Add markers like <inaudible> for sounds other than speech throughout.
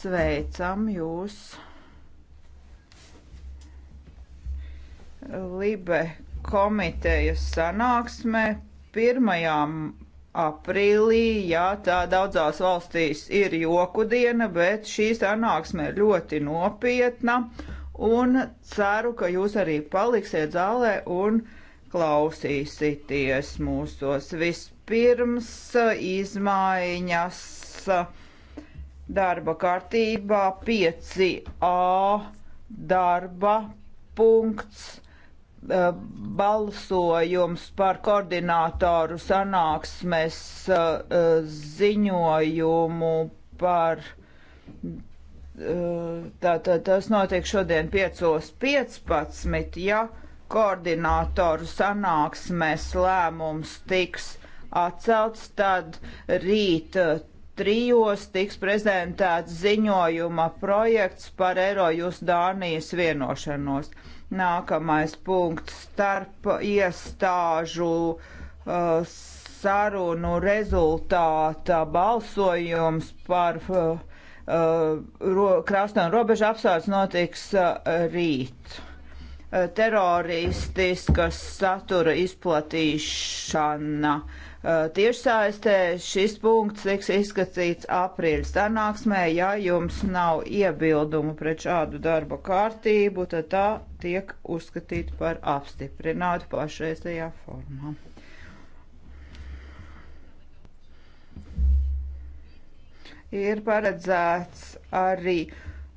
Sveicam jūs! Libe komitejas sanāksmē 1. aprīlī, jā, tā daudzās valstīs ir joku diena, bet šī sanāksme ļoti nopietna un ceru, ka jūs arī paliksiet zālē un klausīsieties mūsos. Vispirms uh, izmaiņas uh, darba kārtībā 5a darba punkts e, balsojums par koordinātoru sanāksmes e, e, ziņojumu par Tātad tā, tas notiek šodien 5.15. Ja koordinātoru sanāksmēs lēmums tiks atcelts, tad rīt trijos tiks prezentēts ziņojuma projekts par Eirojus Dānijas vienošanos. Nākamais punkts starp iestāžu uh, sarunu rezultāta balsojums par uh, uh ro, krasta un robežu apsārts notiks uh, rīt. Uh, Teroristiskas satura izplatīšana uh, Uh, tiešsaistē. Šis punkts tiks izskatīts aprīļa sanāksmē. Ja jums nav iebildumu pret šādu darba kārtību, tad tā tiek uzskatīta par apstiprinātu pašreizējā formā. Ir paredzēts arī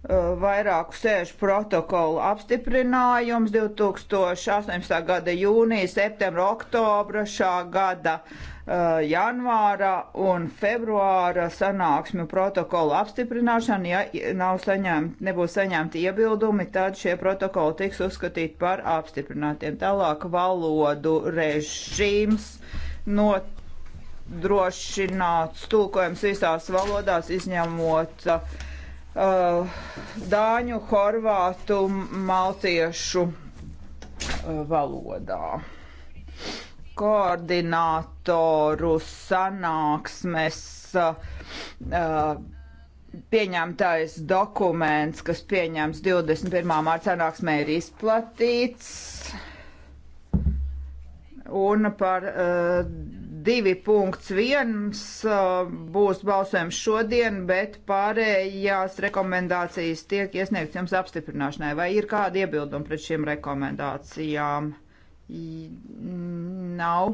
Uh, vairāku sēžu protokolu apstiprinājums 2018. gada jūnija, septembra, oktobra, šā gada uh, janvāra un februāra sanāksmju protokolu apstiprināšana. Ja nav saņemt, nebūs saņemti iebildumi, tad šie protokoli tiks uzskatīti par apstiprinātiem. Tālāk valodu režīms no drošināts tulkojums visās valodās izņemot uh, Uh, dāņu, horvātu, maltiešu uh, valodā. Koordinātoru sanāksmes uh, pieņemtais dokuments, kas pieņems 21. mārciņā sanāksmē, ir izplatīts. Un par uh, 2.1 uh, būs balsojums šodien, bet pārējās rekomendācijas tiek iesniegts jums apstiprināšanai. Vai ir kādi iebildumi pret šiem rekomendācijām? Nav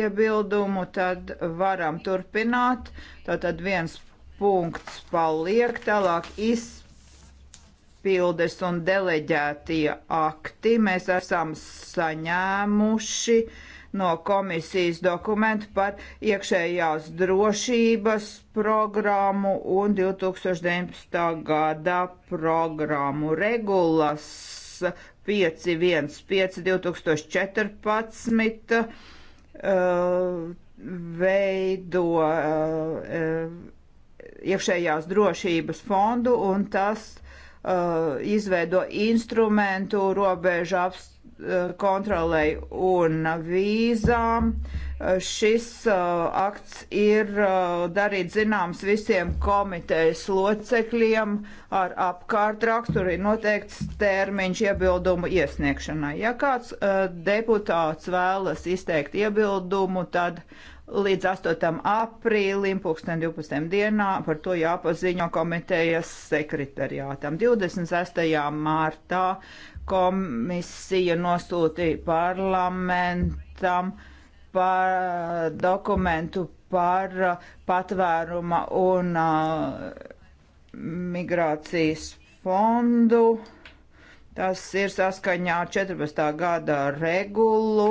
iebildumu, tad varam turpināt. Tātad viens punkts paliek, tālāk izpildes un deleģētie akti mēs esam saņēmuši. Uh, no komisijas dokumentu par iekšējās drošības programmu un 2019. gada programmu regulas 515 2014 uh, veido uh, iekšējās drošības fondu un tas uh, izveido instrumentu robežu apstākļu Eh, kontrolei un vīzām. Eh, šis eh, akts ir darīt zināms visiem komitejas locekļiem ar apkārt raksturu ir noteikts termiņš iebildumu iesniegšanai. Ja kāds deputāts vēlas izteikt iebildumu, tad līdz 8. aprīlim, 2012. dienā, par to jāpaziņo komitejas sekretariātam. 26. martā komisija nosūtīja parlamentam par dokumentu par patvēruma un uh, migrācijas fondu. Tas ir saskaņā 14. gada regulu.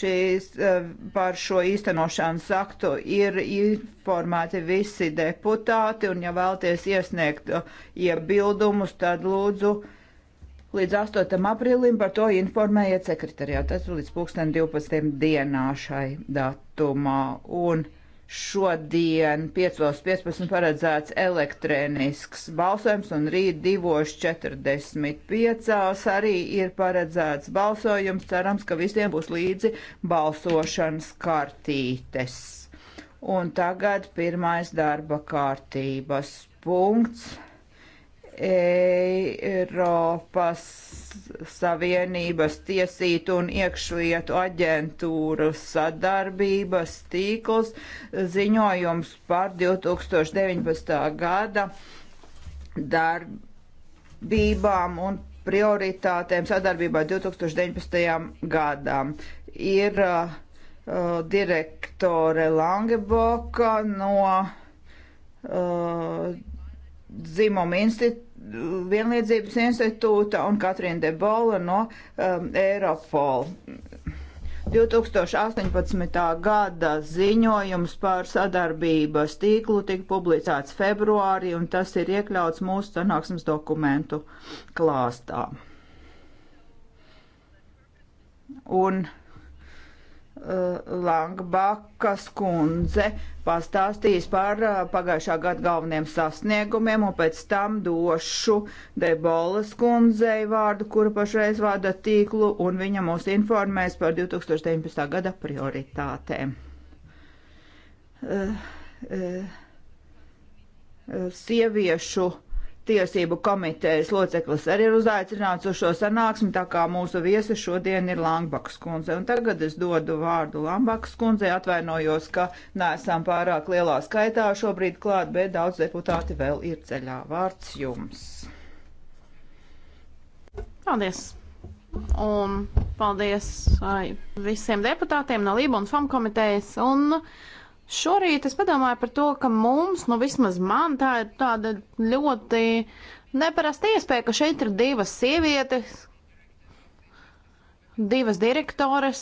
Šīs, uh, par šo īstenošanas aktu ir informēti visi deputāti, un ja vēlties iesniegt uh, iebildumus, tad lūdzu uh, Līdz 8. aprīlim par to informējiet sekretariātu. Tas ir līdz 2012. dienā šai datumā. Un šodien 5.15 paredzēts elektronisks balsojums, un rīt 2.45 arī ir paredzēts balsojums. Cerams, ka visiem būs līdzi balsošanas kartītes. Un tagad pirmais darba kārtības punkts. Eiropas Savienības tiesītu un iekšlietu aģentūru sadarbības tīkls ziņojums par 2019. gada darbībām un prioritātēm sadarbībā 2019. gadām. Ir uh, direktore Langeboka no uh, dzimuma institūta vienlīdzības institūta un Katrīna de Bola no um, Eiropol. 2018. gada ziņojums par sadarbības tīklu tika publicēts februārī, un tas ir iekļauts mūsu sanāksmes dokumentu klāstā. Un Eh, Langbakas kundze pastāstīs par eh, pagājušā gada galveniem sasniegumiem, un pēc tam došu Debolas kundzei vārdu, kura pašreiz vada tīklu, un viņa mūs informēs par 2019. gada prioritātēm. Uh, uh, sieviešu uh, tiesību komitejas loceklis arī ir uzaicināts uz šo sanāksmi, tā kā mūsu viesi šodien ir Langbakas kundze. Un tagad es dodu vārdu Langbakas kundzei, atvainojos, ka neesam pārāk lielā skaitā šobrīd klāt, bet daudz deputāti vēl ir ceļā. Vārds jums. Paldies! Un paldies visiem deputātiem no Lībijas un FAM komitejas. Un Šorīt es padomāju par to, ka mums, nu vismaz man, tā ir tāda ļoti neparasta iespēja, ka šeit ir divas sievietes, divas direktores,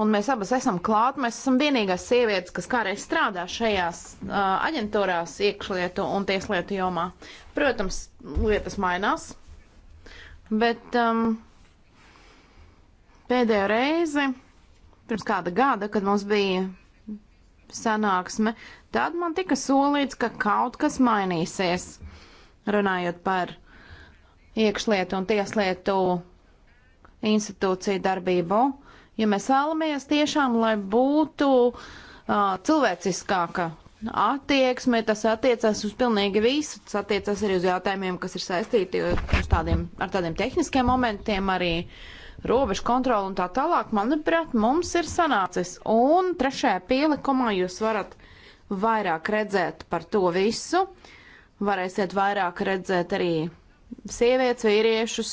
un mēs abas esam klāt. Mēs esam vienīgās sievietes, kas kādreiz strādā šajās uh, aģentūrās, iekšlietu un tieslietu jomā. Protams, lietas mainās, bet um, pēdējo reizi, pirms kāda gada, kad mums bija sanāksme, tad man tika solīts, ka kaut kas mainīsies. Runājot par iekšlietu un tieslietu institūciju darbību, ja mēs vēlamies tiešām, lai būtu uh, cilvēciskāka attieksme, tas attiecas uz pilnīgi visu, tas attiecas arī uz jautājumiem, kas ir saistīti ar tādiem, ar tādiem tehniskiem momentiem, arī uh, robežu kontroli un tā tālāk, manuprāt, mums ir sanācis. Un trešajā pielikumā jūs varat vairāk redzēt par to visu. Varēsiet vairāk redzēt arī sievietes, vīriešus,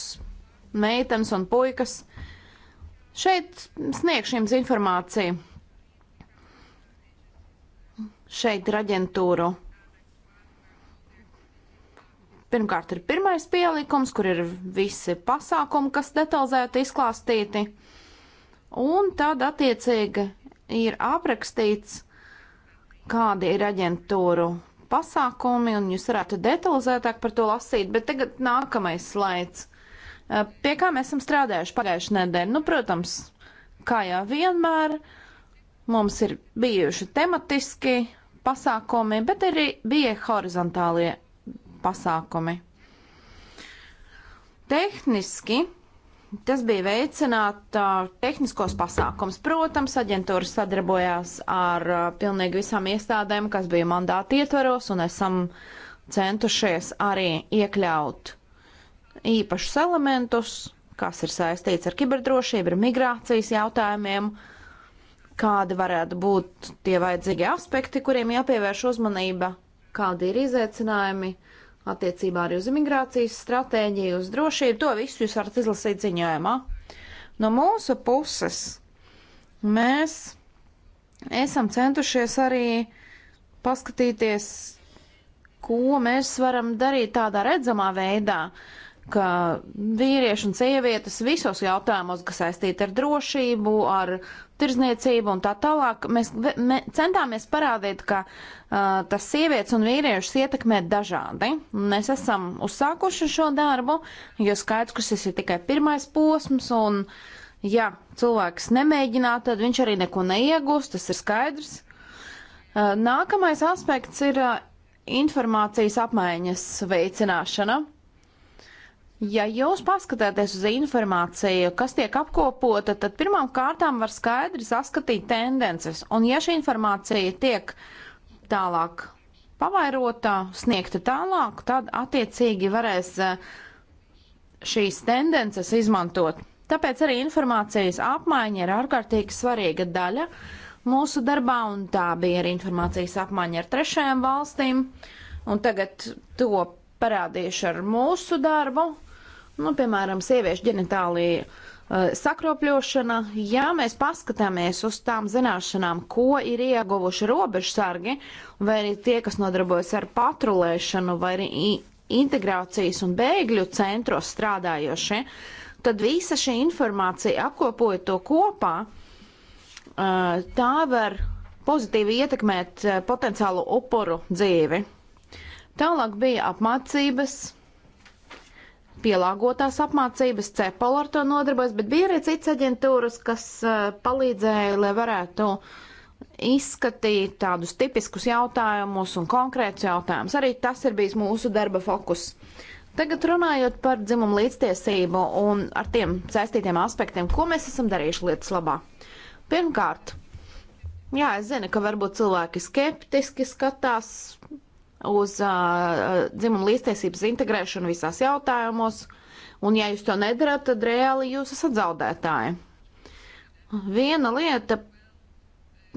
meitenes un puikas. Šeit sniegšu jums informāciju. Šeit ir aģentūru Pirmkārt ir pirmais pielikums, kur ir visi pasākumi, kas detalizēti izklāstīti, un tad attiecīgi ir aprakstīts, kādi ir aģentūru pasākumi, un jūs varētu detalizētāk par to lasīt, bet tagad nākamais slaids. Pie kā mēs esam strādājuši pagājušajā nedēļā? Nu, protams, kā jau vienmēr, mums ir bijuši tematiski pasākumi, bet arī bija horizontālie pasākumi. Tehniski tas bija veicināt uh, tehniskos pasākums. Protams, aģentūra sadarbojās ar uh, pilnīgi visām iestādēm, kas bija mandāti ietvaros, un esam centušies arī iekļaut īpašus elementus, kas ir saistīts ar kiberdrošību, ar migrācijas jautājumiem, kādi varētu būt tie vajadzīgi aspekti, kuriem jāpievērš uzmanība, kādi ir izaicinājumi. Uh, attiecībā arī uz imigrācijas stratēģiju, uz drošību. To visu jūs varat izlasīt ziņojumā. No mūsu puses mēs esam centušies arī paskatīties, ko mēs varam darīt tādā redzamā veidā, uh, ka vīrieši un sievietes visos jautājumos, kas saistīti ar drošību, ar tirzniecību un tā tālāk, mēs me, centāmies parādīt, ka uh, tas sievietes un vīriešus ietekmē dažādi. Mēs esam uzsākuši šo darbu, jo skaidrs, ka šis ir tikai pirmais posms un, ja cilvēks nemēģinā, tad viņš arī neko neiegūs, tas ir skaidrs. Uh, nākamais aspekts ir uh, informācijas apmaiņas veicināšana. Ja jūs paskatāties uz informāciju, kas tiek apkopota, tad pirmām kārtām var skaidri saskatīt tendences. Un ja šī informācija tiek tālāk pavairota, sniegta tālāk, tad attiecīgi varēs eh, šīs tendences izmantot. Tāpēc arī informācijas apmaiņa ir ārkārtīgi svarīga daļa mūsu darbā, un tā bija arī informācijas apmaiņa ar trešajām valstīm. Un tagad to parādīšu ar mūsu darbu, nu, piemēram, sieviešu ģenitālija uh, eh, sakropļošana, ja mēs paskatāmies uz tām zināšanām, ko ir ieguvuši robežsargi, vai arī tie, kas nodarbojas ar patrulēšanu, vai arī integrācijas un bēgļu centros strādājošie, tad visa šī informācija apkopojot to kopā, uh, tā var pozitīvi ietekmēt uh, eh, potenciālu upuru dzīvi. Tālāk bija apmācības pielāgotās apmācības, CEPOL ar to nodarbojas, bet bija arī cits aģentūras, kas eh, palīdzēja, lai varētu izskatīt tādus tipiskus jautājumus un konkrētus jautājumus. Arī tas ir bijis mūsu darba fokus. Tagad runājot par dzimumu līdztiesību un ar tiem saistītiem aspektiem, ko mēs esam darījuši lietas labā. Pirmkārt, jā, es zinu, ka varbūt cilvēki skeptiski skatās uz uh, dzimumu līdztiesības integrēšanu visās jautājumos, un ja jūs to nedarat, tad reāli jūs esat zaudētāji. Viena lieta,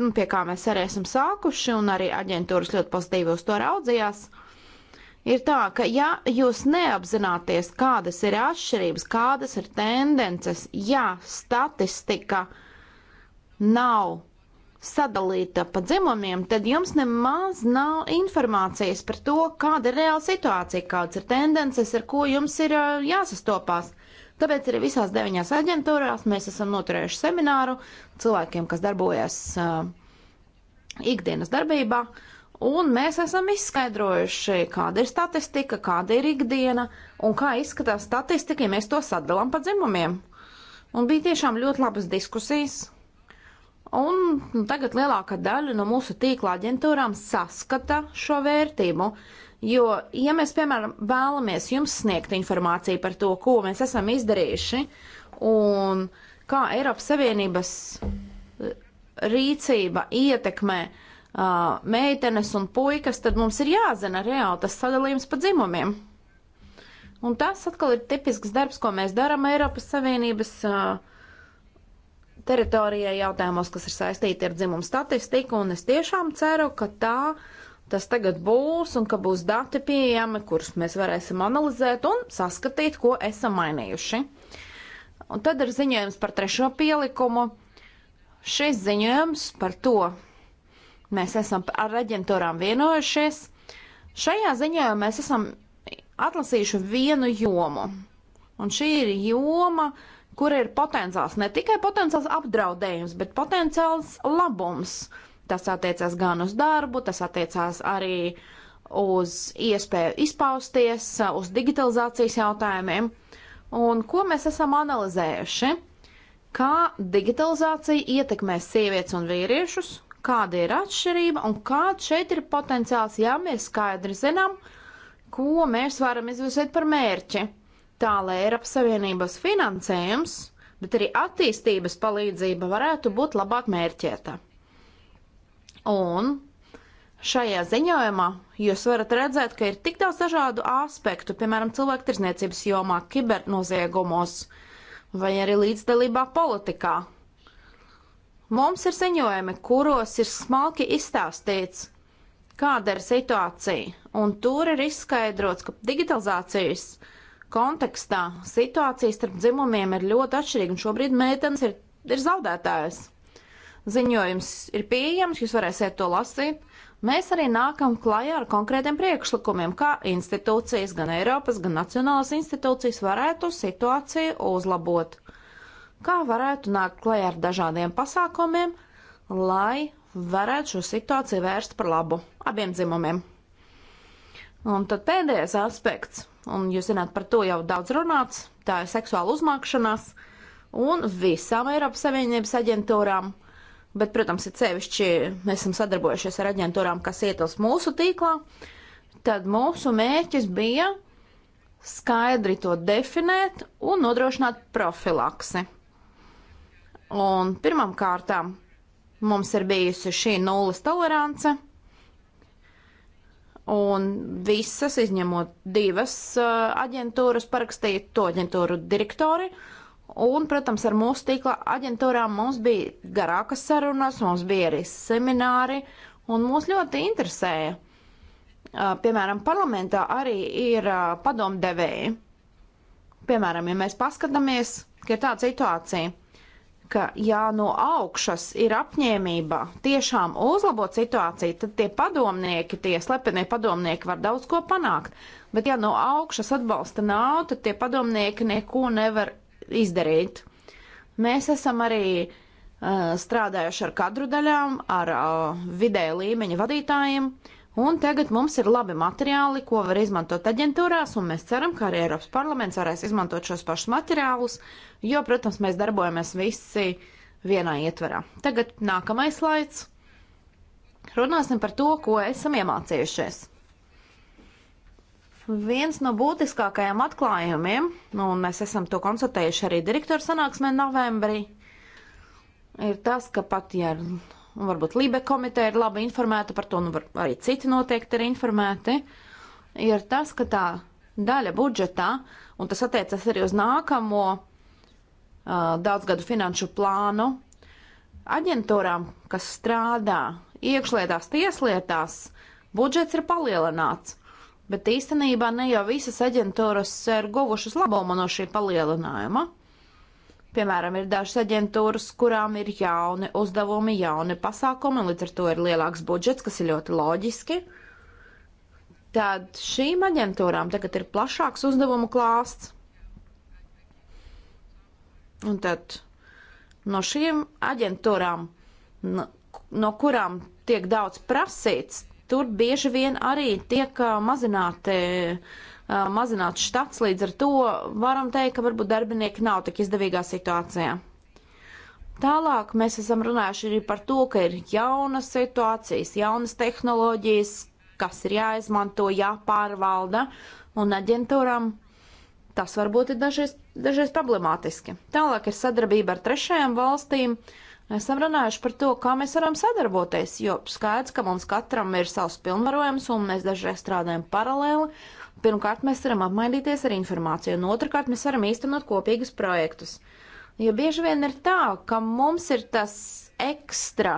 nu, pie kā mēs arī esam sākuši, un arī aģentūras ļoti pozitīvi uz to raudzījās, ir tā, ka ja jūs neapzināties, kādas ir atšķirības, kādas ir tendences, ja statistika nav sadalīta pa dzimumiem, tad jums nemaz nav informācijas par to, kāda ir reāla situācija, kādas ir tendences, ar ko jums ir jāsastopās. Tāpēc arī visās deviņās aģentūrās mēs esam noturējuši semināru cilvēkiem, kas darbojas uh, ikdienas darbībā, un mēs esam izskaidrojuši, kāda ir statistika, kāda ir ikdiena, un kā izskatās statistika, ja mēs to sadalām pa dzimumiem. Un bija tiešām ļoti labas diskusijas, Un nu, tagad lielākā daļa no mūsu tīkla aģentūrām saskata šo vērtību. Jo, ja mēs, piemēram, vēlamies jums sniegt informāciju par to, ko mēs esam izdarījuši un kā Eiropas Savienības eh, rīcība ietekmē uh, meitenes un puikas, tad mums ir jāzina reāli tas sadalījums pa dzimumiem. Un tas atkal ir tipisks darbs, ko mēs darām Eiropas Savienības uh, teritorijai jautājumos, kas ir saistīti ar dzimumu statistiku, un es tiešām ceru, ka tā tas tagad būs un ka būs dati pieejami, kurus mēs varēsim analizēt un saskatīt, ko esam mainījuši. Un tad ir ziņojums par trešo pielikumu. Šis ziņojums par to mēs esam ar aģentūrām vienojušies. Šajā ziņojumā mēs esam atlasījuši vienu jomu. Un šī ir joma, uh, kur ir potenciāls, ne tikai potenciāls apdraudējums, bet potenciāls labums. Tas attiecās gan uz darbu, tas attiecās arī uz iespēju izpausties, uz digitalizācijas jautājumiem. Un ko mēs esam analizējuši? Kā digitalizācija ietekmē sievietes un vīriešus, kāda ir atšķirība un kāds šeit ir potenciāls, ja mēs skaidri zinām, ko mēs varam izvirzīt par mērķi tā lai Eiropas Savienības finansējums, bet arī attīstības palīdzība varētu būt labāk mērķēta. Un šajā ziņojumā jūs varat redzēt, ka ir tik daudz dažādu aspektu, piemēram, cilvēktirzniecības jomā, kibernoziegumos vai arī līdzdalībā politikā. Mums ir ziņojumi, kuros ir smalki izstāstīts, kāda ir situācija, un tur ir izskaidrots, ka digitalizācijas uh, kontekstā situācija starp dzimumiem ir ļoti atšķirīga, un šobrīd meitenes ir, ir zaudētājas. Ziņojums ir pieejams, jūs varēsiet to lasīt. Mēs arī nākam klajā ar konkrētiem priekšlikumiem, kā institūcijas, gan Eiropas, gan nacionālas institūcijas varētu situāciju uzlabot. Kā varētu nākt klajā ar dažādiem pasākumiem, lai varētu šo situāciju vērst par labu abiem dzimumiem. Un tad pēdējais aspekts, un jūs zināt, par to jau daudz runāts, tā ir seksuāla uzmākšanās un visām Eiropas Savienības aģentūrām. Bet, protams, ir sevišķi mēs esam sadarbojušies ar aģentūrām, kas ietilst mūsu tīklā. Tad mūsu mērķis bija skaidri to definēt un nodrošināt profilaksi. Un pirmām kārtām mums ir bijusi šī nulles tolerance – un visas, izņemot divas aģentūras, parakstīja to aģentūru direktori. Un, protams, ar mūsu tīkla aģentūrām mums bija garākas sarunas, mums bija arī semināri, un mūs ļoti interesēja. Piemēram, parlamentā arī ir padomdevēji. Piemēram, ja mēs paskatāmies, ka ir tāda situācija, ka, ja no augšas ir apņēmība tiešām uzlabot situāciju, tad tie padomnieki, tie slepenie padomnieki var daudz ko panākt. Bet, ja no augšas atbalsta nav, tad tie padomnieki neko nevar izdarīt. Mēs esam arī uh, strādājuši ar kadru daļām, ar uh, vidēja līmeņa vadītājiem. Uh, Un tagad mums ir labi materiāli, ko var izmantot aģentūrās, un mēs ceram, ka arī Eiropas parlaments varēs izmantot šos pašus materiālus, jo, protams, mēs darbojamies visi vienā ietverā. Tagad nākamais slaids. Runāsim par to, ko esam iemācījušies. Viens no būtiskākajiem atklājumiem, un mēs esam to konstatējuši arī direktora sanāksmē novembrī, ir tas, ka pat ja un nu, varbūt Libe komiteja ir labi informēta par to, nu var, arī citi noteikti ir informēti, ir tas, ka tā daļa budžetā, un tas attiecas arī uz nākamo uh, daudzgadu finanšu plānu, aģentūrām, kas strādā iekšlietās, tieslietās, budžets ir palielināts. Bet īstenībā ne jau visas aģentūras ir guvušas labumu no šī palielinājuma. Piemēram, ir dažas aģentūras, kurām ir jauni uzdevumi, jauni pasākumi, līdz ar to ir lielāks budžets, kas ir ļoti loģiski. Tad šīm aģentūrām tagad ir plašāks uzdevumu klāsts. Un tad no šīm aģentūrām, no, no kurām tiek daudz prasīts, tur bieži vien arī tiek mazināti uh, mazināts štats, līdz ar to varam teikt, ka varbūt darbinieki nav tik izdevīgā situācijā. Tālāk mēs esam runājuši arī par to, ka ir jaunas situācijas, jaunas tehnoloģijas, kas ir jāizmanto, jāpārvalda, un aģentūram tas varbūt ir dažreiz, dažreiz problemātiski. Tālāk ir sadarbība ar trešajām valstīm. Esam runājuši par to, kā mēs varam sadarboties, jo skaidrs, ka mums katram ir savs pilnvarojums, un mēs dažreiz strādājam paralēli, Pirmkārt, mēs varam apmainīties ar informāciju, un otrkārt, mēs varam īstenot kopīgus projektus. Jo bieži vien ir tā, ka mums ir tas ekstra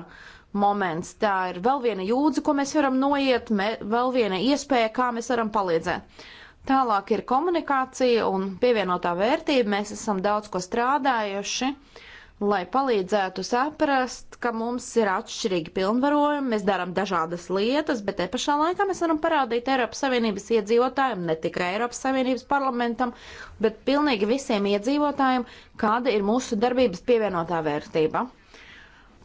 moments, tā ir vēl viena jūdzi, ko mēs varam noiet, me, vēl viena iespēja, kā mēs varam palīdzēt. Tālāk ir komunikācija un pievienotā vērtība, mēs esam daudz ko strādājuši. Uh, lai palīdzētu saprast, ka mums ir atšķirīgi pilnvarojumi, mēs darām dažādas lietas, bet te pašā laikā mēs varam parādīt Eiropas Savienības iedzīvotājiem, ne tikai Eiropas Savienības parlamentam, bet pilnīgi visiem iedzīvotājiem, kāda ir mūsu darbības pievienotā vērtība.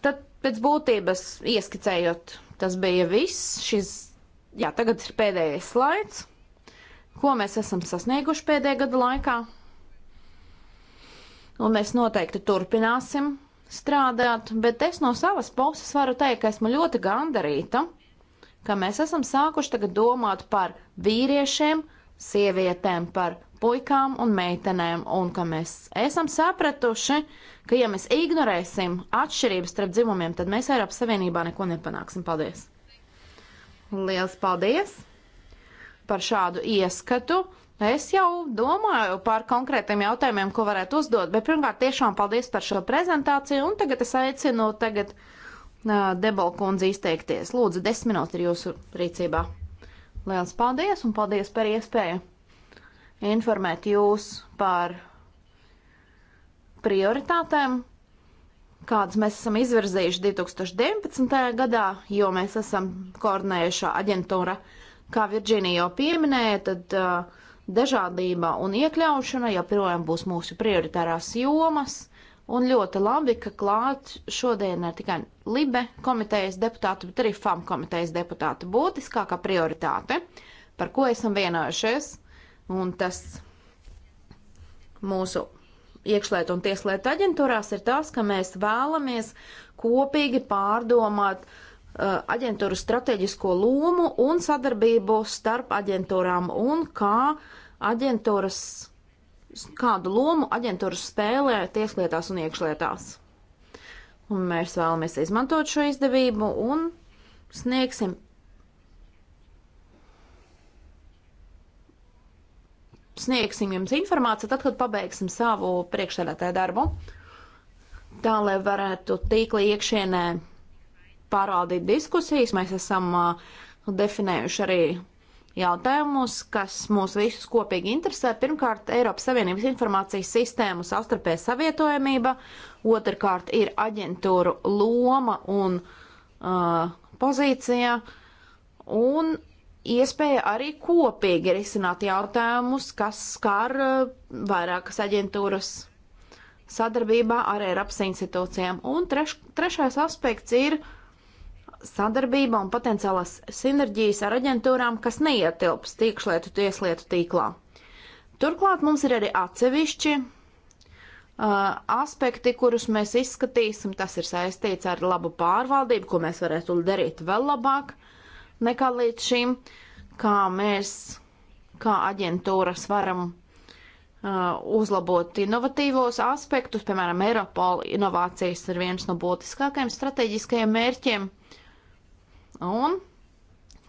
Tad pēc būtības ieskicējot, tas bija viss. Šis, jā, tagad ir pēdējais slaids. Ko mēs esam sasnieguši pēdējā gada laikā? un mēs noteikti turpināsim strādāt, bet es no savas puses varu teikt, ka esmu ļoti gandarīta, ka mēs esam sākuši tagad domāt par vīriešiem, sievietēm, par puikām un meitenēm, un ka mēs esam sapratuši, ka ja mēs ignorēsim atšķirības starp dzimumiem, tad mēs Eiropas Savienībā neko nepanāksim. Paldies! Liels paldies par šādu ieskatu Es jau domāju par konkrētiem jautājumiem, ko varētu uzdot, bet pirmkārt tiešām paldies par šo prezentāciju, un tagad es aicinu tagad uh, Debalkundzi izteikties. Lūdzu, desmit minūtes ir jūsu rīcībā. Liels paldies, un paldies par iespēju informēt jūs par prioritātēm, kādas mēs esam izvirzījuši 2019. gadā, jo mēs esam koordinējušā aģentūra, kā Virģīnija jau pieminēja, tad uh, Dažādība un iekļaušana joprojām būs mūsu prioritārās jomas, un ļoti labi, ka klāt šodien ne tikai Libe komitejas deputāti, bet arī FAM komitejas deputāti būtiskākā prioritāte, par ko esam vienojušies, un tas mūsu iekšlietu un tieslietu aģentūrās ir tas, ka mēs vēlamies kopīgi pārdomāt uh, aģentūru strateģisko lomu un sadarbību starp aģentūrām un kā uh, aģentūras, kādu lomu aģentūras spēlē tieslietās un iekšlietās. Un mēs vēlamies izmantot šo izdevību un sniegsim sniegsim jums informāciju, tad, kad pabeigsim savu priekšsēdētāju darbu, tā lai varētu tīkli iekšienē pārvaldīt diskusijas. Mēs esam uh, definējuši arī jautājumus, kas mūs visus kopīgi interesē. Pirmkārt, Eiropas Savienības informācijas sistēmu savstarpēja savietojamība, otrkārt ir aģentūru loma un uh, pozīcija, un iespēja arī kopīgi risināt jautājumus, kas skar uh, vairākas aģentūras sadarbībā ar Eiropas institūcijām. Un treš, trešais aspekts ir sadarbība un potenciālās sinerģijas ar aģentūrām, kas neietilps tīkšlietu tieslietu tīklā. Turklāt mums ir arī atsevišķi uh, aspekti, kurus mēs izskatīsim. Tas ir saistīts ar labu pārvaldību, ko mēs varētu darīt vēl labāk nekā līdz šim, kā mēs, kā aģentūras varam uzlabot inovatīvos aspektus, piemēram, Eiropola inovācijas ir viens no būtiskākajiem strateģiskajiem mērķiem. Uh, Un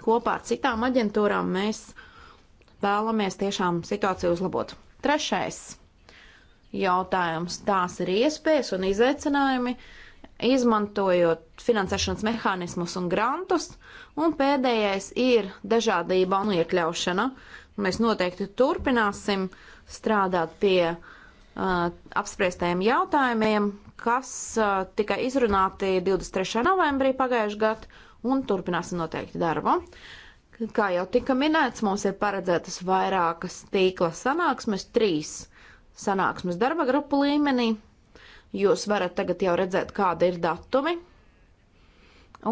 kopā ar citām aģentūrām mēs vēlamies tiešām situāciju uzlabot. Trešais jautājums - tās ir iespējas un izaicinājumi, izmantojot finansēšanas mehānismus un grantus, un pēdējais ir dažādība un iekļaušana. Mēs noteikti turpināsim strādāt pie uh, apspriestajiem jautājumiem, kas uh, tika izrunāti 23. novembrī pagājušajā gadā un turpināsim noteikti darbu. Kā jau tika minēts, mums ir paredzētas vairākas tīkla sanāksmes, trīs sanāksmes darba grupu līmenī. Jūs varat tagad jau redzēt, kāda ir datumi.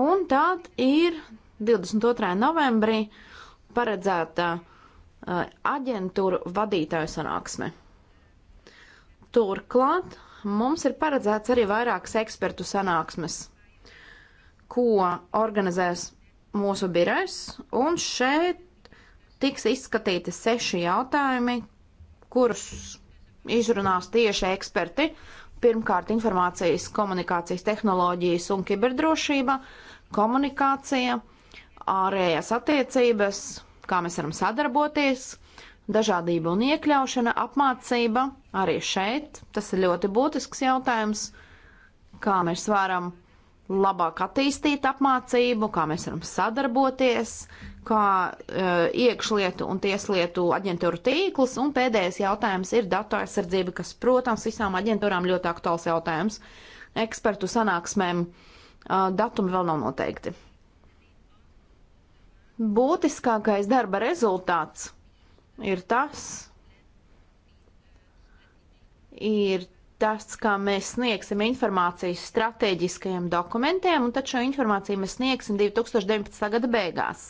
Un tad ir 22. novembrī paredzēta uh, aģentūra vadītāju sanāksme. Turklāt mums ir paredzēts arī vairākas ekspertu sanāksmes ko organizēs mūsu birojs, un šeit tiks izskatīti seši jautājumi, kurus izrunās tieši eksperti. Pirmkārt, informācijas, komunikācijas tehnoloģijas un kiberdrošība, komunikācija, ārējās attiecības, kā mēs varam sadarboties, dažādība un iekļaušana, apmācība arī šeit. Tas ir ļoti būtisks jautājums, kā mēs varam labāk attīstīt apmācību, kā mēs varam sadarboties, kā uh, iekšlietu un tieslietu aģentūra tīkls. Un pēdējais jautājums ir datu aizsardzība, kas, protams, visām aģentūrām ļoti aktuāls jautājums. Ekspertu sanāksmēm uh, datumi vēl nav noteikti. Būtiskākais darba rezultāts ir tas, ir tas, kā mēs sniegsim informāciju strateģiskajiem dokumentiem, un tad šo informāciju mēs sniegsim 2019. gada beigās.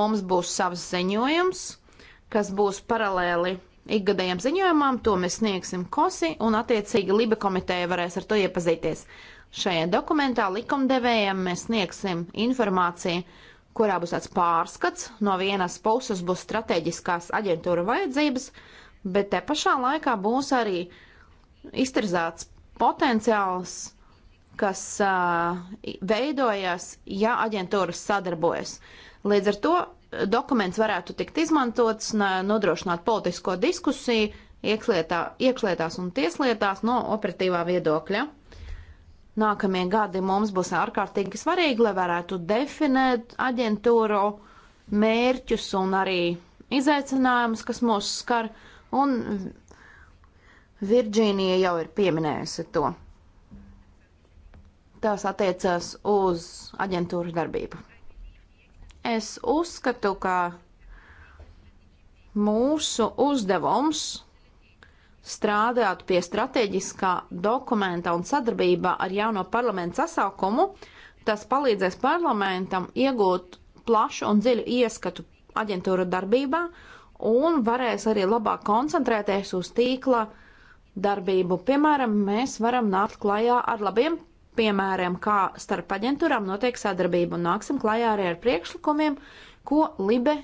Mums būs savs ziņojums, kas būs paralēli ikgadējiem ziņojumam, to mēs sniegsim kosi, un attiecīgi Liba komiteja varēs ar to iepazīties. Šajā dokumentā likumdevējiem mēs sniegsim informāciju, kurā būs tāds pārskats, no vienas puses būs strateģiskās aģentūra vajadzības, bet te pašā laikā būs arī uh, izterzēts potenciāls, kas uh, veidojas, ja aģentūras sadarbojas. Līdz ar to dokuments varētu tikt izmantots, nodrošināt politisko diskusiju iekšlietā, iekšlietās un tieslietās no operatīvā viedokļa. Nākamie gadi mums būs ārkārtīgi svarīgi, lai varētu definēt aģentūru mērķus un arī izaicinājumus, kas mūs skar, un Virģīnija jau ir pieminējusi to. Tās attiecās uz aģentūru darbību. Es uzskatu, ka mūsu uzdevums strādāt pie strateģiskā dokumenta un sadarbībā ar jauno parlamentu sasaukumu, tas palīdzēs parlamentam iegūt plašu un dziļu ieskatu aģentūru darbībā un varēs arī labāk koncentrēties uz tīkla uh, darbību. Piemēram, mēs varam nākt klajā ar labiem piemēriem, kā starp aģentūrām notiek sadarbība un nāksim klajā arī ar priekšlikumiem, ko Libe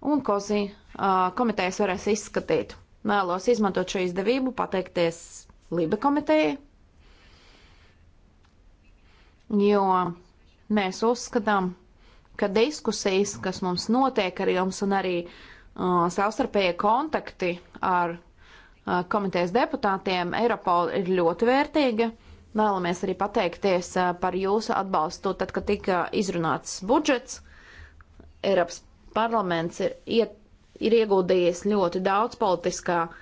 un Kozi uh, komitejas varēs izskatīt. Vēlos izmantot šo izdevību, pateikties Libe komitejai, jo mēs uzskatām, ka diskusijas, kas mums notiek ar jums un arī uh, savstarpēja kontakti ar komitejas deputātiem. Eiropola ir ļoti vērtīga. Vēlamies arī pateikties par jūsu atbalstu, tad, kad tika izrunāts budžets. Eiropas parlaments ir, iet, ir ieguldījis ļoti daudz politiskā uh,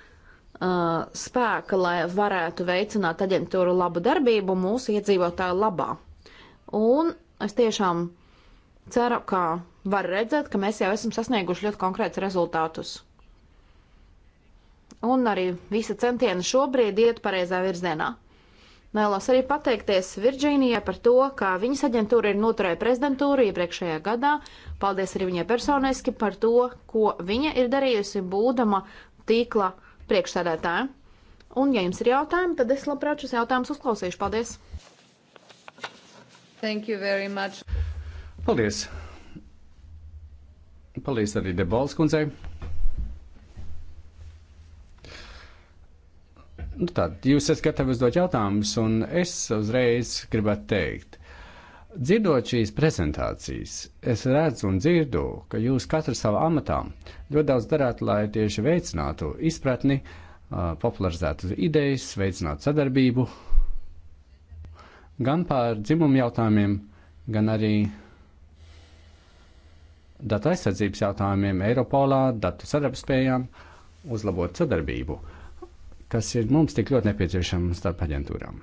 spēka, lai varētu veicināt aģentūru labu darbību mūsu iedzīvotāju labā. Un es tiešām ceru, ka var redzēt, ka mēs jau esam sasnieguši ļoti konkrēts rezultātus un arī visi centieni šobrīd iet pareizā virzienā. Vēlos arī pateikties Virģīnijai par to, ka viņas aģentūra ir noturēja prezidentūru iepriekšējā gadā. Paldies arī viņai personiski par to, ko viņa ir darījusi būdama tīkla priekšsēdētāja. Un, ja jums ir jautājumi, tad es labprāt šos jautājumus uzklausīšu. Paldies! Thank you very much! Paldies! Paldies arī Debals kundzei! Nu, tad jūs esat gatavi uzdot jautājumus, un es uzreiz gribētu teikt, dzirdot šīs prezentācijas, es redzu un dzirdu, ka jūs katrs savā amatā ļoti daudz darāt, lai tieši veicinātu izpratni, popularizētu idejas, veicinātu sadarbību gan par dzimumu jautājumiem, gan arī datu aizsardzības jautājumiem Eiropolā, datu sadarbspējām, uzlabot sadarbību. Uh, kas ir mums tik ļoti nepieciešama starp aģentūrām.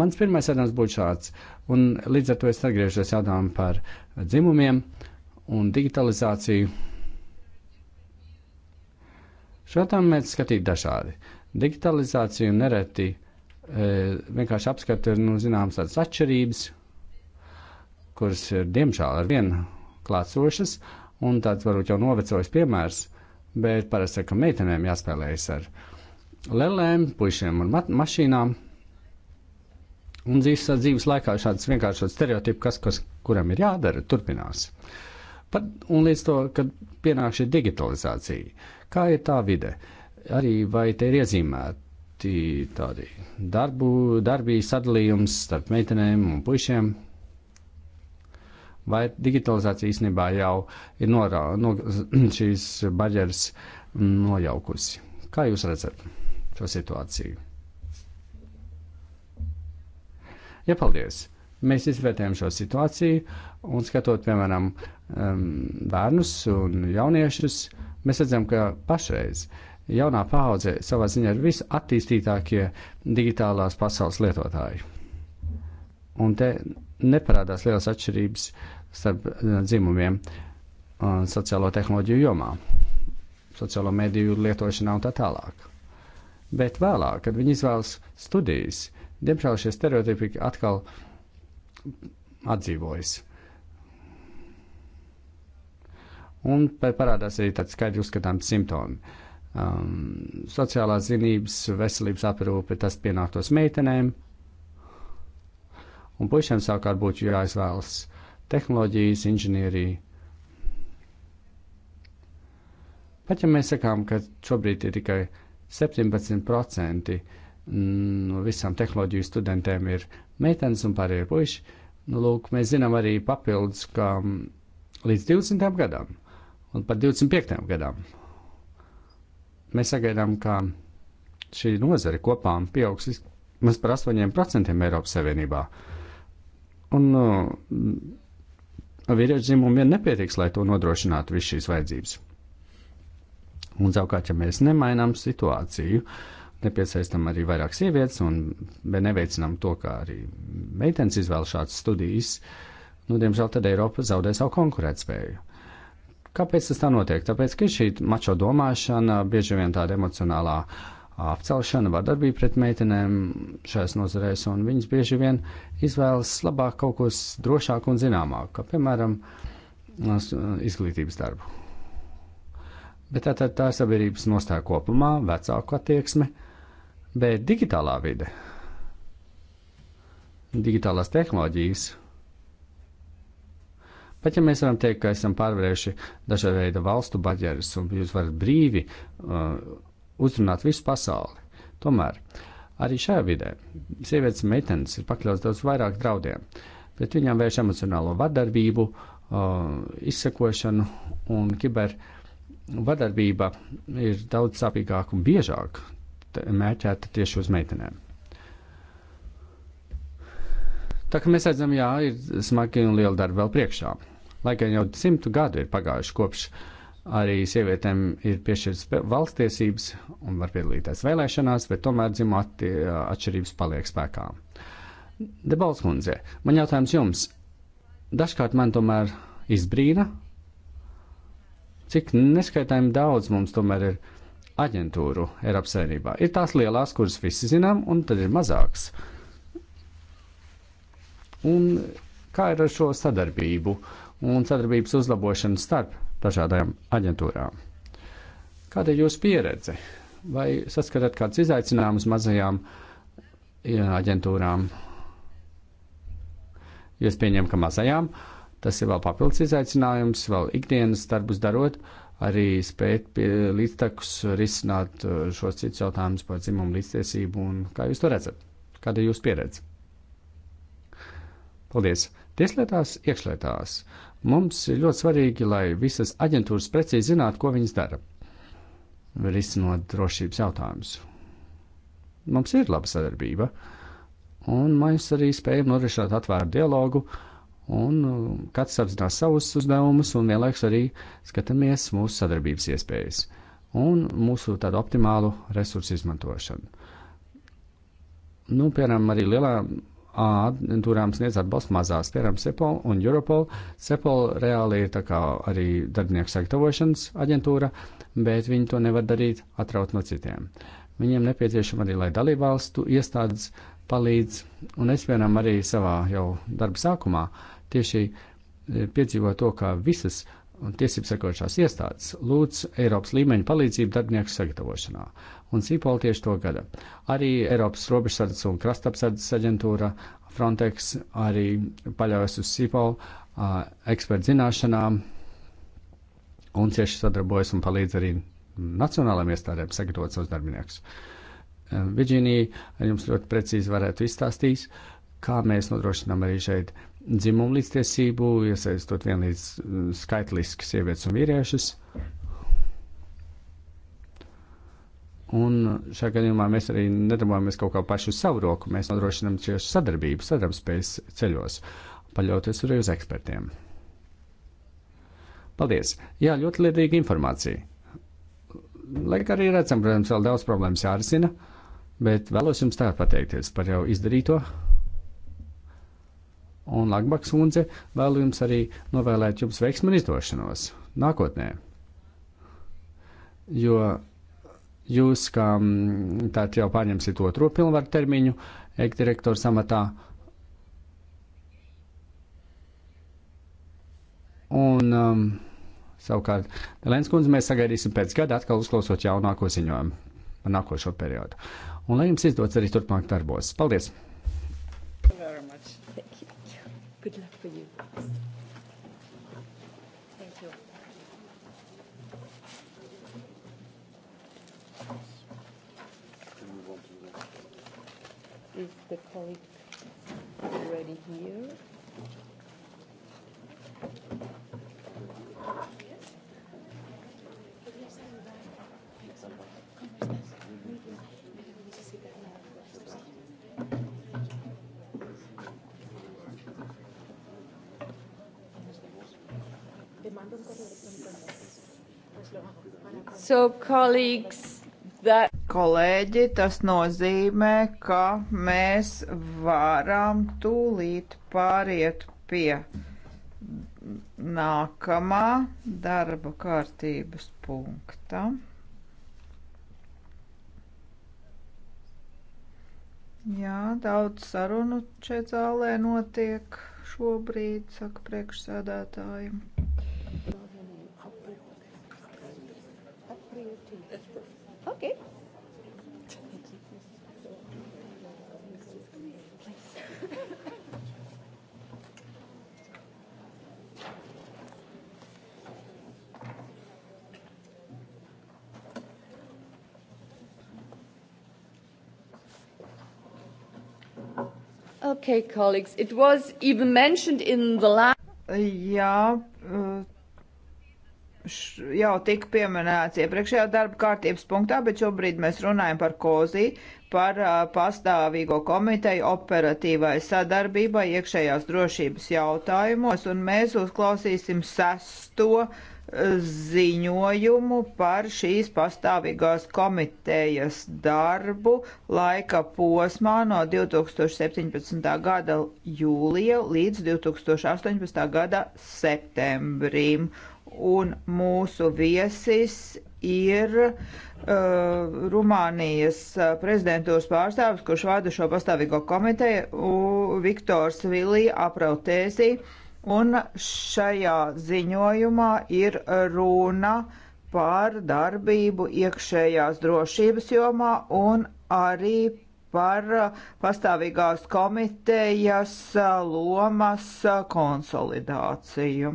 Mans pirmais jautājums būtu šāds, un līdz ar to es atgriežos jautājumu par dzimumiem un digitalizāciju. Šo jautājumu mēs skatīt dažādi. Digitalizāciju nereti e, vienkārši apskata ir, nu, zināms, tādas atšķirības, kuras ir diemžēl ar vienu klātsošas, un tāds varbūt jau novecojis piemērs, bet parasti ir, ka meitenēm jāspēlējas ar lelēm, puišiem un mašīnām. Un dzīves, dzīves laikā šāds vienkāršs stereotips, kas, kas kuram ir jādara, turpinās. Pat, un līdz to, kad pienāk šī digitalizācija, kā ir tā vide, arī vai te ir iezīmēti tādi darbu, darbī sadalījums starp meitenēm un puišiem, vai digitalizācija īstenībā jau ir norā, no, <clears throat> šīs barjeras nojaukusi. Kā jūs redzat šo situāciju? Ja paldies! Mēs izvērtējam šo situāciju un skatot, piemēram, bērnus un jauniešus, mēs redzam, ka pašreiz jaunā paudze savā ziņā ir visattīstītākie digitālās pasaules lietotāji. Un te neparādās lielas atšķirības uh, starp eh, dzimumiem un eh, sociālo tehnoloģiju jomā, sociālo mediju lietošanā un tā tālāk. Bet vēlāk, kad viņi izvēlas studijas, diemžēl šie stereotipi atkal atdzīvojas. Un parādās arī tāds skaidri uzskatāms simptomi. Um, sociālās zinības, veselības aprūpe, tas pienāktos meitenēm, un puišiem savukārt būtu jāizvēlas tehnoloģijas, inženierija. Pat ja mēs sakām, ka šobrīd ir tikai 17% mm, no visām tehnoloģiju studentēm ir meitenes un pārējie puiši, nu, lūk, mēs zinām arī papildus, ka mm, līdz 20. gadam un pat 25. gadam mēs sagaidām, ka šī nozare kopā pieaugs vismaz par 8% Eiropas Savienībā. Un, mm, vīriešu dzimumu vien nepietiks, lai to nodrošinātu visu šīs vajadzības. Un savukārt, ja mēs nemainām situāciju, nepiesaistam arī vairāk sievietes un neveicinām to, kā arī meitenes izvēlas šādas studijas, nu, diemžēl tad Eiropa zaudē savu konkurētspēju. Kāpēc tas tā notiek? Tāpēc, ka šī mačo domāšana bieži vien tāda emocionālā uh, apcelšana, vardarbība pret meitenēm šajās nozarēs, un viņas bieži vien izvēlas labāk kaut ko drošāku un zināmāku, kā piemēram uh, izglītības darbu. Bet tā, tā, tā ir sabiedrības nostāja kopumā, vecāku attieksme, bet digitālā vide, digitālās tehnoloģijas. Pat ja mēs varam teikt, ka esam pārvarējuši dažāda veida valstu barjeras un jūs varat brīvi uh, uzrunāt visu pasauli. Tomēr arī šajā vidē sievietes un meitenes ir pakļautas daudz vairāk draudiem. Pret viņām vērš emocionālo vardarbību, uh, izsekošanu un kiber vardarbība ir daudz sāpīgāk un biežāk mērķēta tieši uz meitenēm. Tā kā mēs redzam, jā, ir smagi un liela darba vēl priekšā. Lai gan jau simtu gadu ir pagājuši kopš uh, Arī sievietēm ir piešķirtas valstiesības un var piedalīties vēlēšanās, bet tomēr dzimuma atšķirības paliek spēkā. Debals kundze, man jautājums jums. Dažkārt man tomēr izbrīna, cik neskaitājami daudz mums tomēr ir aģentūru Eiropas Savienībā. Ir tās lielās, kuras visi zinām, un tad ir mazākas. Un kā ir ar šo sadarbību un sadarbības uzlabošanu starp dažādajām aģentūrām. Kāda ir jūsu pieredze? Vai saskatāt kādus izaicinājumus mazajām aģentūrām? Jūs pieņemat, ka mazajām tas ir vēl papildus izaicinājums, vēl ikdienas darbus darot, arī spēt pie līdztekus risināt uh, šos citus jautājumus par dzimumu līdztiesību un kā jūs to redzat? Kāda ir jūsu pieredze? Paldies! Tieslietās, iekšlietās Mums ir ļoti svarīgi, lai visas aģentūras precīzi zinātu, ko viņas dara, risinot drošības jautājumus. Mums ir laba sadarbība, un mēs arī spējam norisināt atvērtu dialogu, un uh, katrs apzinās savus uzdevumus, un vienlaikus arī skatāmies mūsu sadarbības iespējas un mūsu tādu optimālu resursu izmantošanu. Nu, piemēram, arī lielā aģentūrām sniedz atbalstu mazās, piemēram, CEPOL un Europol. CEPOL reāli ir tā kā arī darbinieku sagatavošanas aģentūra, bet viņi to nevar darīt atraut no citiem. Viņiem nepieciešama arī, lai dalībvalstu iestādes palīdz, un es vienam arī savā jau darba sākumā tieši eh, piedzīvoju to, ka visas uh, un tiesību sekojušās iestādes lūdz Eiropas līmeņa palīdzību darbinieku sagatavošanā, un Sīpola tieši to gada. Arī Eiropas robežsardzes un krastapsardzes aģentūra Frontex arī paļaujas uz Sīpolu uh, ekspertu zināšanām un cieši sadarbojas un palīdz arī nacionālajiem iestādēm sagatavot savus darbiniekus. Virģīnija jums ļoti precīzi varētu izstāstīt, kā mēs nodrošinām arī šeit uh, dzimumu līdztiesību, iesaistot vienlīdz mm, skaitliski sievietes un vīriešus. Un šajā gadījumā mēs arī nedomājamies kaut kā pašu savu roku, mēs nodrošinām ciešu sadarbību, sadarbspējas ceļos, paļauties arī uz ekspertiem. Paldies! Jā, ļoti liederīga informācija. Lai arī redzam, protams, vēl daudz problēmas jārisina, bet vēlos jums tā pateikties par jau izdarīto. Un Lagbaks kundze vēlu jums arī novēlēt jums veiksmu un izdošanos nākotnē. Jo jūs, kā tātad jau pārņemsiet otro pilnvaru termiņu, ekdirektoru samatā, un um, savukārt Lēns kundze mēs sagaidīsim pēc gada atkal uzklausot jaunāko ziņojumu par nākošo periodu. Un lai jums izdodas arī turpmāk darbos. Paldies! the colleague already here. So, colleagues, that... Kolēģi, tas nozīmē, ka mēs varam tūlīt pāriet pie nākamā darba kārtības punkta. Jā, daudz sarunu šeit zālē notiek šobrīd, saka priekšsēdētājiem. Okay, colleagues, it was even mentioned in the last. Jā, uh, š, jau tika pieminēts iepriekšējā darba kārtības punktā, bet šobrīd mēs runājam par kozī, par uh, pastāvīgo komiteju operatīvai sadarbībai iekšējās drošības jautājumos, un mēs uzklausīsim sesto ziņojumu par šīs pastāvīgās komitejas darbu laika posmā no 2017. gada jūlija līdz 2018. gada septembrim. Un mūsu viesis ir uh, Rumānijas prezidentūras pārstāvis, kurš vada šo pastāvīgo komiteju, Viktors Vilija Aprautēzija Un šajā ziņojumā ir runa par darbību iekšējās drošības jomā un arī par pastāvīgās komitejas lomas konsolidāciju.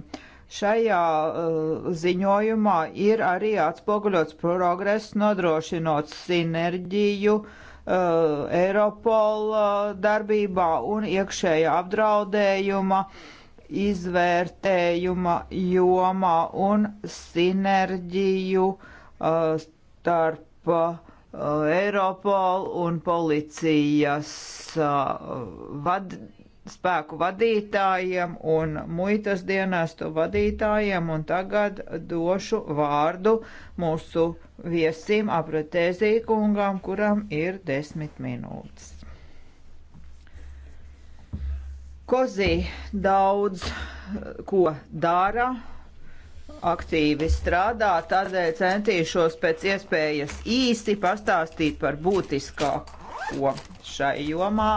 Šajā uh, ziņojumā ir arī atspoguļots progress nodrošinot sinerģiju uh, Eiropola darbībā un iekšējā apdraudējuma uh, izvērtējuma jomā un sinerģiju uh, starp uh, Eiropolu un policijas uh, vad, spēku vadītājiem un muitas dienestu vadītājiem. Un tagad došu vārdu mūsu viesim apretēzī kungām, kuram ir desmit minūtes. Kozī daudz eh, ko dara, aktīvi strādā, tādēļ centīšos pēc iespējas īsi pastāstīt par būtiskāko šai jomā.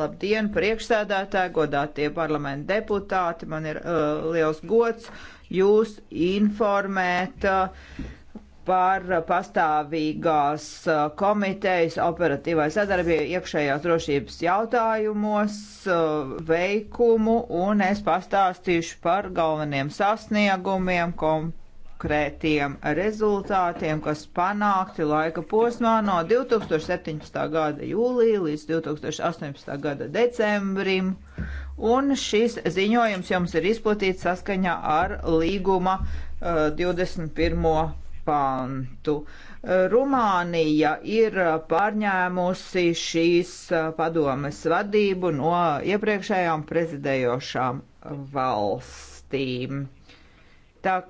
Labdien, priekšsēdētāji, godātie parlamenta deputāti, man ir uh, liels gods jūs informēt. Uh, par pastāvīgās uh, komitejas operatīvai sadarbībai iekšējās drošības jautājumos uh, veikumu, un es pastāstīšu par galveniem sasniegumiem, konkrētiem rezultātiem, kas panākti laika posmā no 2017. gada jūlija līdz 2018. gada decembrim, un šis ziņojums jums ir izplatīts saskaņā ar līguma 21 uh, pantu. Rumānija ir pārņēmusi šīs padomes vadību no iepriekšējām prezidējošām valstīm. Tā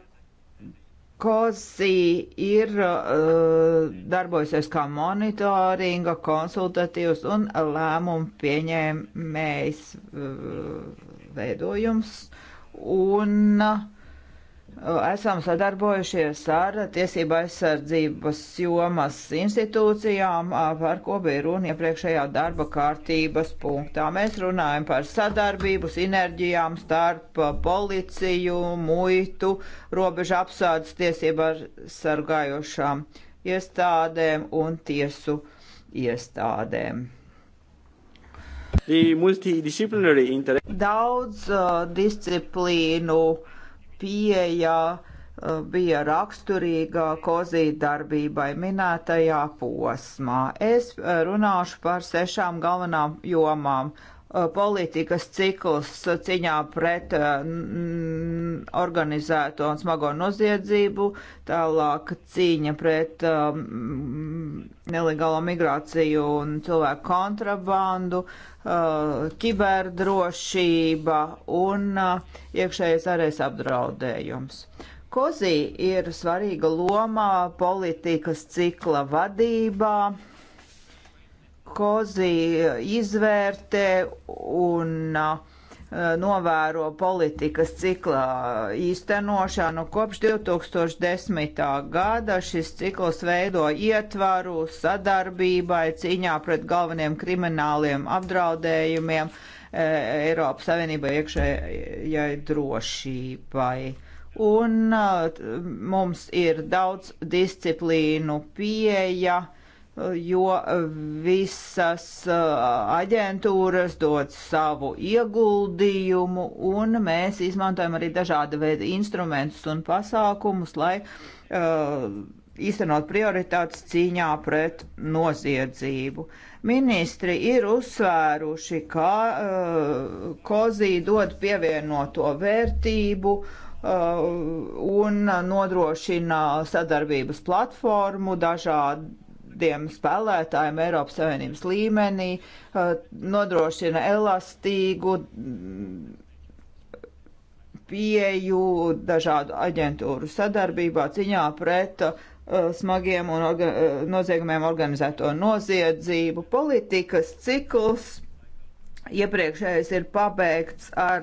Kozi ir uh, darbojusies kā monitoringa, konsultatīvs un lēmumu pieņēmējs uh, veidojums. Un uh, esam sadarbojušies ar tiesība aizsardzības jomas institūcijām, par ko bija runa iepriekšējā darba kārtības punktā. Mēs runājam par sadarbību, sinerģijām starp policiju, muitu, robežu apsādes tiesība sargājošām iestādēm un tiesu iestādēm. Daudz uh, disciplīnu uh, pieeja uh, bija raksturīga kozīda darbībai minētajā posmā. Es uh, runāšu par sešām galvenām jomām Uh, politikas cikls ciņā pret mm, organizēto un smago noziedzību, tālāk cīņa pret mm, nelegālo migrāciju un cilvēku kontrabandu, uh, kiberdrošība un uh, iekšējais arēs apdraudējums. Kozī ir svarīga loma politikas cikla vadībā Sarkozy izvērtē un uh, novēro politikas cikla īstenošanu. Kopš 2010. gada šis cikls veido ietvaru sadarbībai cīņā pret galveniem krimināliem apdraudējumiem eh, Eiropas Savienībai iekšējai drošībai. Un uh, mums ir daudz disciplīnu pieeja jo visas uh, aģentūras dod savu ieguldījumu, un mēs izmantojam arī dažāda veida instrumentus un pasākumus, lai uh, īstenot prioritātes cīņā pret noziedzību. Ministri ir uzsvēruši, ka uh, kozī dod pievienoto vērtību, uh, un nodrošina sadarbības platformu dažādu citiem spēlētājiem Eiropas Savienības līmenī, uh, nodrošina elastīgu mm, pieju dažādu aģentūru sadarbībā ciņā pret uh, smagiem un orga uh, noziegumiem organizēto noziedzību. Politikas cikls iepriekšējais ir pabeigts ar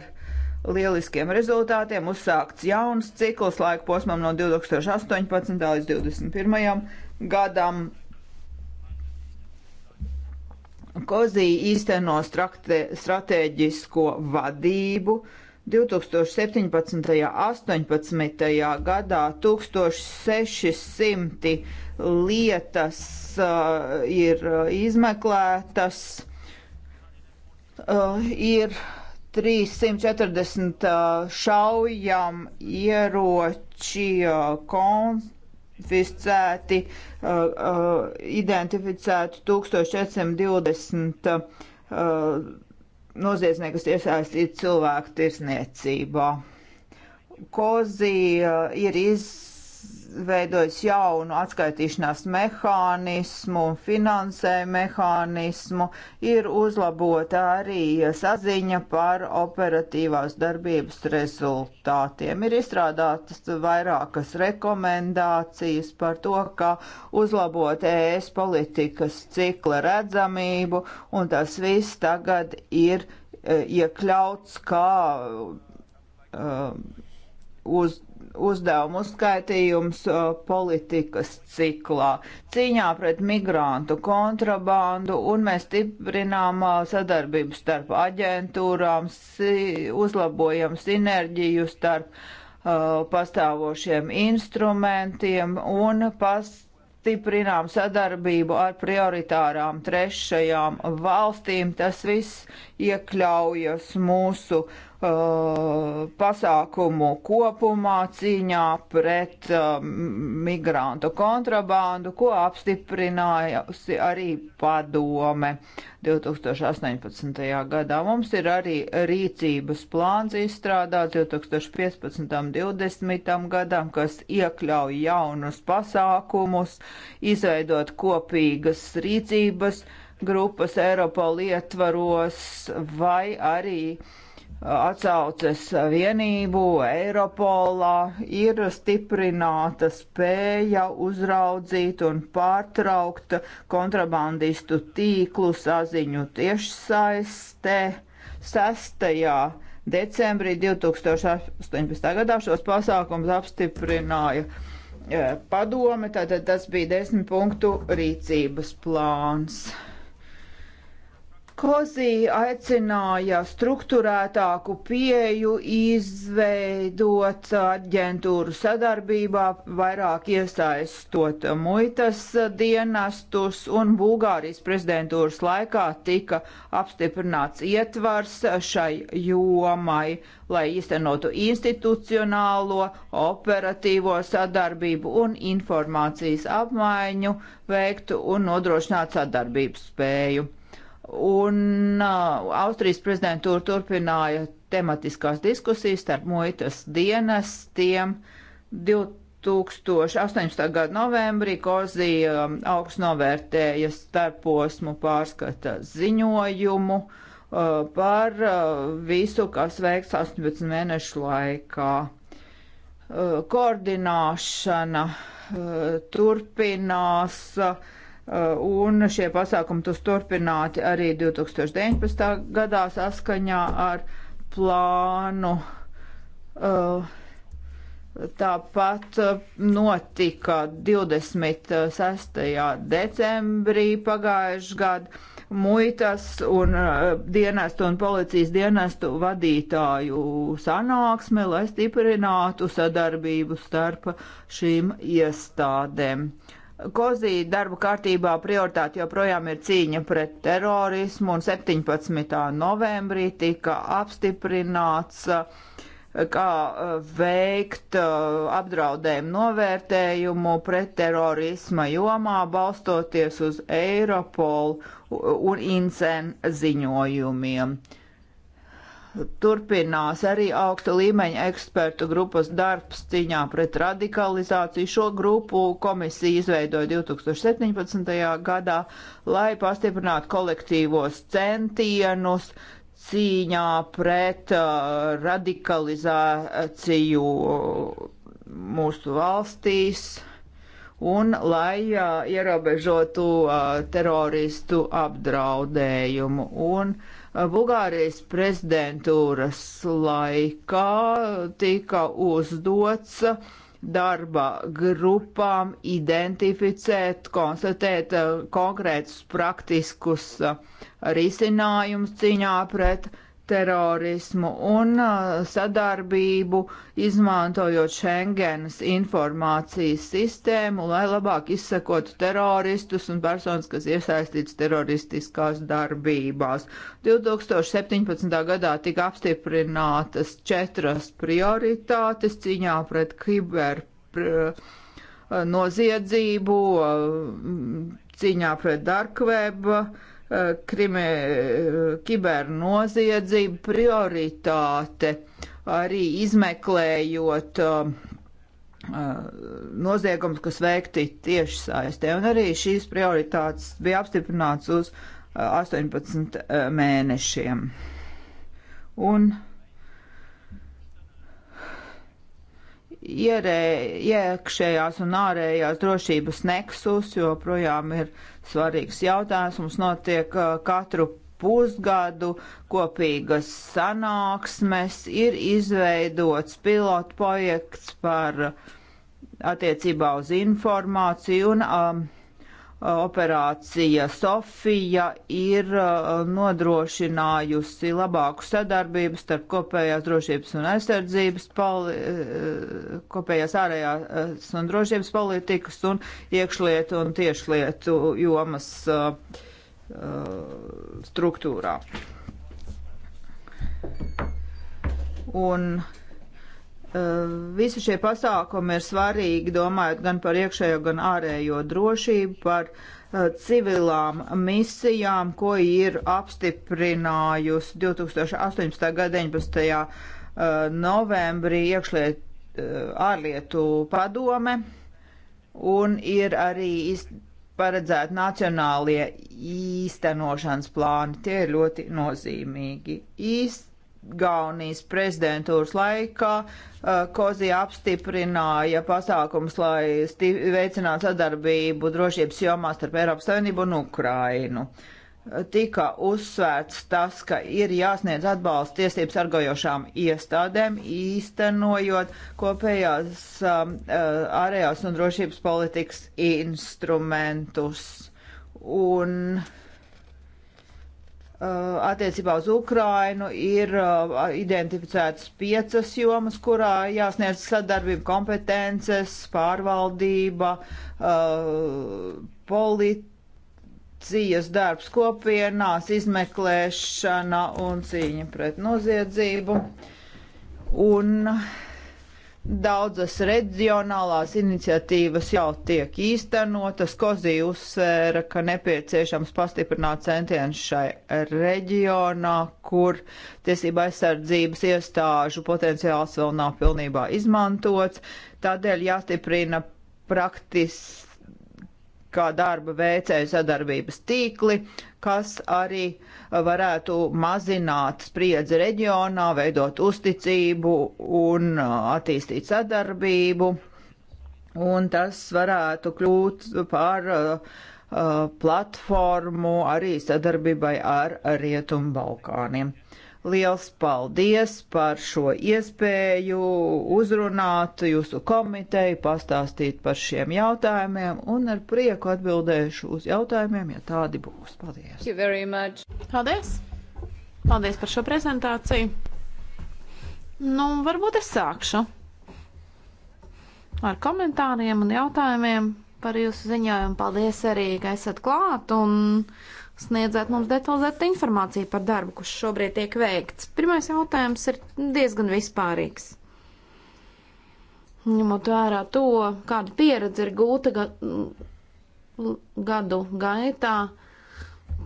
lieliskiem rezultātiem, uzsākts jauns cikls laika posmam no 2018. līdz 2021. gadam. Sarkozī īsteno stratēģisko vadību 2017. 18. gadā 1600 lietas uh, ir uh, izmeklētas, uh, ir 340 uh, šaujam ieroči uh, konflikti identificēti, uh, uh, identificēti 1420 uh, noziedznieki, kas iesaistīti cilvēku tirsniecībā. Kozija uh, ir iz izveidojis jaunu atskaitīšanās mehānismu, finansēju mehānismu, ir uzlabota arī saziņa par operatīvās darbības rezultātiem. Ir izstrādātas vairākas rekomendācijas par to, kā uzlabot ES politikas cikla redzamību, un tas viss tagad ir e, iekļauts kā um, uz uzdevumu uzskaitījums uh, politikas ciklā, cīņā pret migrantu kontrabandu, un mēs stiprinām uh, sadarbību starp aģentūrām, uzlabojam sinerģiju starp uh, pastāvošiem instrumentiem un pastiprinām sadarbību ar prioritārām trešajām valstīm. Tas viss iekļaujas mūsu uh, uh, pasākumu kopumā cīņā pret uh, migrantu kontrabandu, ko apstiprinājusi arī padome 2018. gadā. Mums ir arī rīcības plāns izstrādāts 2015. un 2020. gadam, kas iekļauj jaunus pasākumus, izveidot kopīgas rīcības grupas Eiropa lietvaros vai arī atsauces vienību Eiropolā ir stiprināta spēja uzraudzīt un pārtraukt kontrabandistu tīklu saziņu tiešsaistē. 6. decembrī 2018. gadā šos pasākums apstiprināja eh, padome, tātad tas bija desmit punktu rīcības plāns. Sarkozī aicināja struktūrētāku pieju izveidot aģentūru sadarbībā, vairāk iesaistot muitas dienestus, un Bulgārijas prezidentūras laikā tika apstiprināts ietvars šai jomai, lai īstenotu institucionālo, operatīvo sadarbību un informācijas apmaiņu veiktu un nodrošinātu sadarbības spēju. Un uh, Austrijas prezidentūra turpināja tematiskās diskusijas starp muitas dienestiem. 2018. gada novembrī Kozija um, augsts novērtēja starposmu pārskata ziņojumu uh, par uh, visu, kas veikts 18 mēnešu laikā. Uh, koordināšana uh, turpinās. Uh, Eh, un šie pasākumi tos turpināti arī 2019. gadā saskaņā ar plānu. Eh, tāpat eh, notika 26. decembrī pagājušajā gadā muitas un dienestu un policijas dienestu vadītāju sanāksme, lai stiprinātu sadarbību starp šīm iestādēm. Uh, Kozī darba kārtībā prioritāte joprojām ir cīņa pret terorismu, un 17. novembrī tika apstiprināts, uh, kā uh, veikt uh, apdraudējumu novērtējumu pret terorisma jomā, balstoties uz Eiropolu un INCEN ziņojumiem. Uh, turpinās arī augsta līmeņa ekspertu grupas darbs cīņā pret radikalizāciju. Šo grupu komisija izveidoja 2017. gadā, lai pastiprinātu kolektīvos centienus cīņā pret uh, radikalizāciju mūsu valstīs un lai uh, ierobežotu uh, teroristu apdraudējumu. Un, uh, Eh, Bulgārijas prezidentūras laikā tika uzdots darba grupām identificēt, konstatēt eh, konkrētus praktiskus eh, risinājumus cīņā pret uh, terorismu un sadarbību, izmantojot Schengenas informācijas sistēmu, lai labāk izsekotu teroristus un personas, kas iesaistīts teroristiskās darbībās. 2017. gadā tika apstiprinātas četras prioritātes cīņā pret kiber noziedzību, cīņā pret darkvebu, Eh, krimi, eh, kibernoziedzība prioritāte arī izmeklējot eh, noziegums, kas veikti tieši saistē. Un arī šīs prioritātes bija apstiprināts uz 18 mēnešiem. Un ierē, iekšējās un ārējās drošības neksus joprojām ir svarīgs jautājums. Mums notiek uh, katru pusgadu kopīgas sanāksmes, ir izveidots pilotu projekts par uh, attiecībā uz informāciju un um, operācija Sofija ir uh, nodrošinājusi labāku sadarbību starp kopējās drošības un aizsardzības, poli, uh, kopējās ārējās uh, un drošības politikas un iekšlietu un tiešlietu jomas struktūrā. Un Eh, visi šie pasākumi ir svarīgi, domājot gan par iekšējo, gan ārējo drošību, par eh, civilām misijām, ko ir apstiprinājusi 2018. gada 19. Eh, novembrī iekšliet, ārlietu padome, un ir arī paredzēti nacionālie īstenošanas plāni. Tie ir ļoti nozīmīgi. Īst Gaunijas prezidentūras laikā uh, Kozija apstiprināja pasākums, lai veicinātu sadarbību drošības jomā starp Eiropas Savienību un Ukrainu. Tika uzsvērts tas, ka ir jāsniedz atbalsts tiesības sargojošām iestādēm, īstenojot kopējās um, uh, ārējās un drošības politikas instrumentus. Un uh, Uh, attiecībā uz Ukrainu ir uh, identificētas piecas jomas, kurā jāsniedz sadarbība, kompetences, pārvaldība, uh, policijas darbs kopienās, izmeklēšana un cīņa pret noziedzību. Un uh, Daudzas reģionālās iniciatīvas jau tiek īstenotas. Kozī uzsvēra, ka nepieciešams pastiprināt centienus šai reģionā, kur tiesība aizsardzības iestāžu potenciāls vēl nav pilnībā izmantots. Tādēļ jāstiprina praktiskā darba veicēju sadarbības tīkli, kas arī uh, varētu mazināt spriedzi reģionā, veidot uzticību un uh, attīstīt sadarbību, un tas varētu kļūt par uh, uh, platformu arī sadarbībai ar Rietumu Balkāniem. Liels paldies par šo iespēju uzrunāt jūsu komiteju, pastāstīt par šiem jautājumiem un ar prieku atbildēšu uz jautājumiem, ja tādi būs. Paldies! Paldies! Paldies par šo prezentāciju! Nu, varbūt es sākšu ar komentāriem un jautājumiem par jūsu ziņojumu. Paldies arī, ka esat klāt un uh, sniedzāt mums detalizētu informāciju par darbu, kas šobrīd tiek veikts. Pirmais jautājums ir diezgan vispārīgs. Ņemot vērā to, kāda pieredze ir gūta ga gadu gaitā,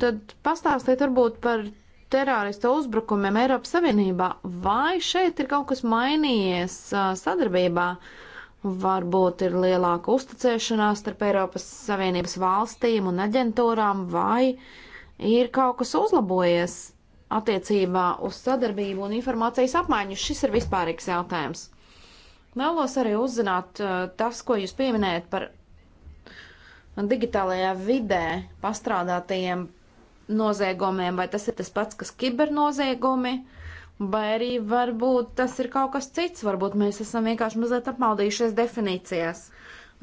tad pastāstiet varbūt par terorista uzbrukumiem Eiropas Savienībā. Vai šeit ir kaut kas mainījies sadarbībā? Uh, Varbūt ir lielāka uzticēšanās starp Eiropas Savienības valstīm un aģentūrām, vai ir kaut kas uzlabojies attiecībā uz sadarbību un informācijas apmaiņu. Šis ir vispārīgs jautājums. Vēlos arī uzzināt uh, tas, ko jūs pieminējat par digitālajā vidē pastrādātajiem noziegumiem, vai tas ir tas pats, kas kibernoziegumi. Vai arī varbūt tas ir kaut kas cits, varbūt mēs esam vienkārši mazliet apmaldījušies definīcijās.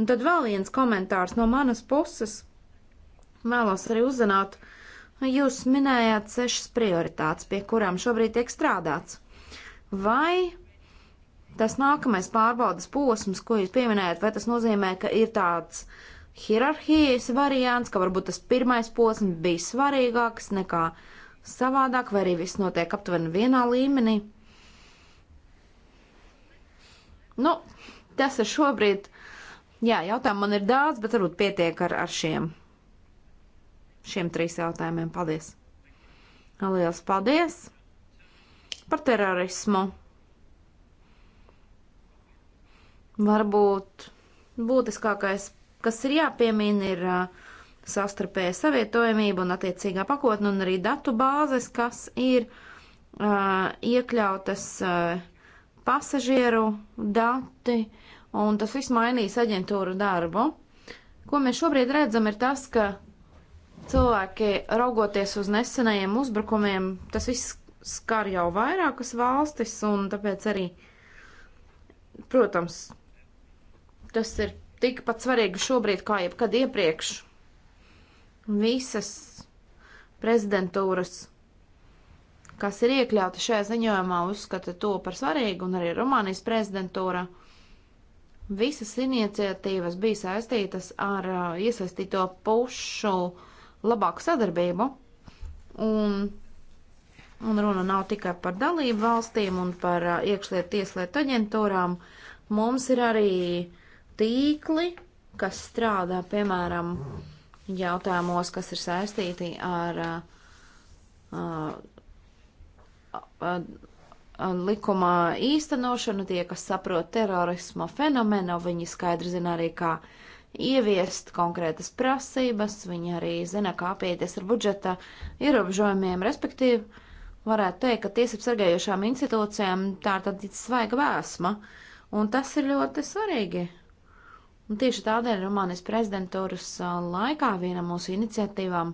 Un tad vēl viens komentārs no manas puses. Vēlos arī uzzināt, jūs minējāt sešas prioritātes, pie kurām šobrīd tiek strādāts. Vai tas nākamais pārbaudas posms, ko jūs pieminējat, vai tas nozīmē, ka ir tāds hierarhijas variants, ka varbūt tas pirmais posms bija svarīgāks nekā uh, savādāk, vai arī viss notiek aptuveni vienā līmenī. Nu, tas ir šobrīd. Jā, jautājumu man ir daudz, bet varbūt pietiek ar, ar šiem, šiem trīs jautājumiem. Paldies! Lielas paldies par terorismu! Varbūt būtiskākais, kas ir jāpiemina, ir uh, sastarpēja savietojamība un attiecīgā pakotne un arī datu bāzes, kas ir uh, iekļautas uh, pasažieru dati, un tas viss mainīs aģentūru darbu. Ko mēs šobrīd redzam, ir tas, ka cilvēki, raugoties uz nesenajiem uzbrukumiem, tas viss skar jau vairākas valstis, un tāpēc arī, protams, tas ir tikpat svarīgi šobrīd kā jebkad iepriekš visas prezidentūras, kas ir iekļauta šajā ziņojumā, uzskata to par svarīgu, un arī Rumānijas prezidentūra. Visas iniciatīvas bija saistītas ar uh, iesaistīto pušu labāku sadarbību, un, un runa nav tikai par dalību valstīm un par uh, iekšlietu tieslietu aģentūrām. Mums ir arī tīkli, kas strādā, piemēram, mm jautājumos, kas ir saistīti ar uh, uh, uh, likumā īstenošanu, tie, kas saprot terorisma fenomenu, viņi skaidri zina arī, kā ieviest konkrētas prasības, viņi arī zina, kā apieties ar budžeta ierobežojumiem, respektīvi, varētu teikt, ka tiesību sargējušām institūcijām tā ir tāda svaiga vēsma, un tas ir ļoti svarīgi Un tieši tādēļ Rumānijas prezidentūras laikā viena mūsu iniciatīvām,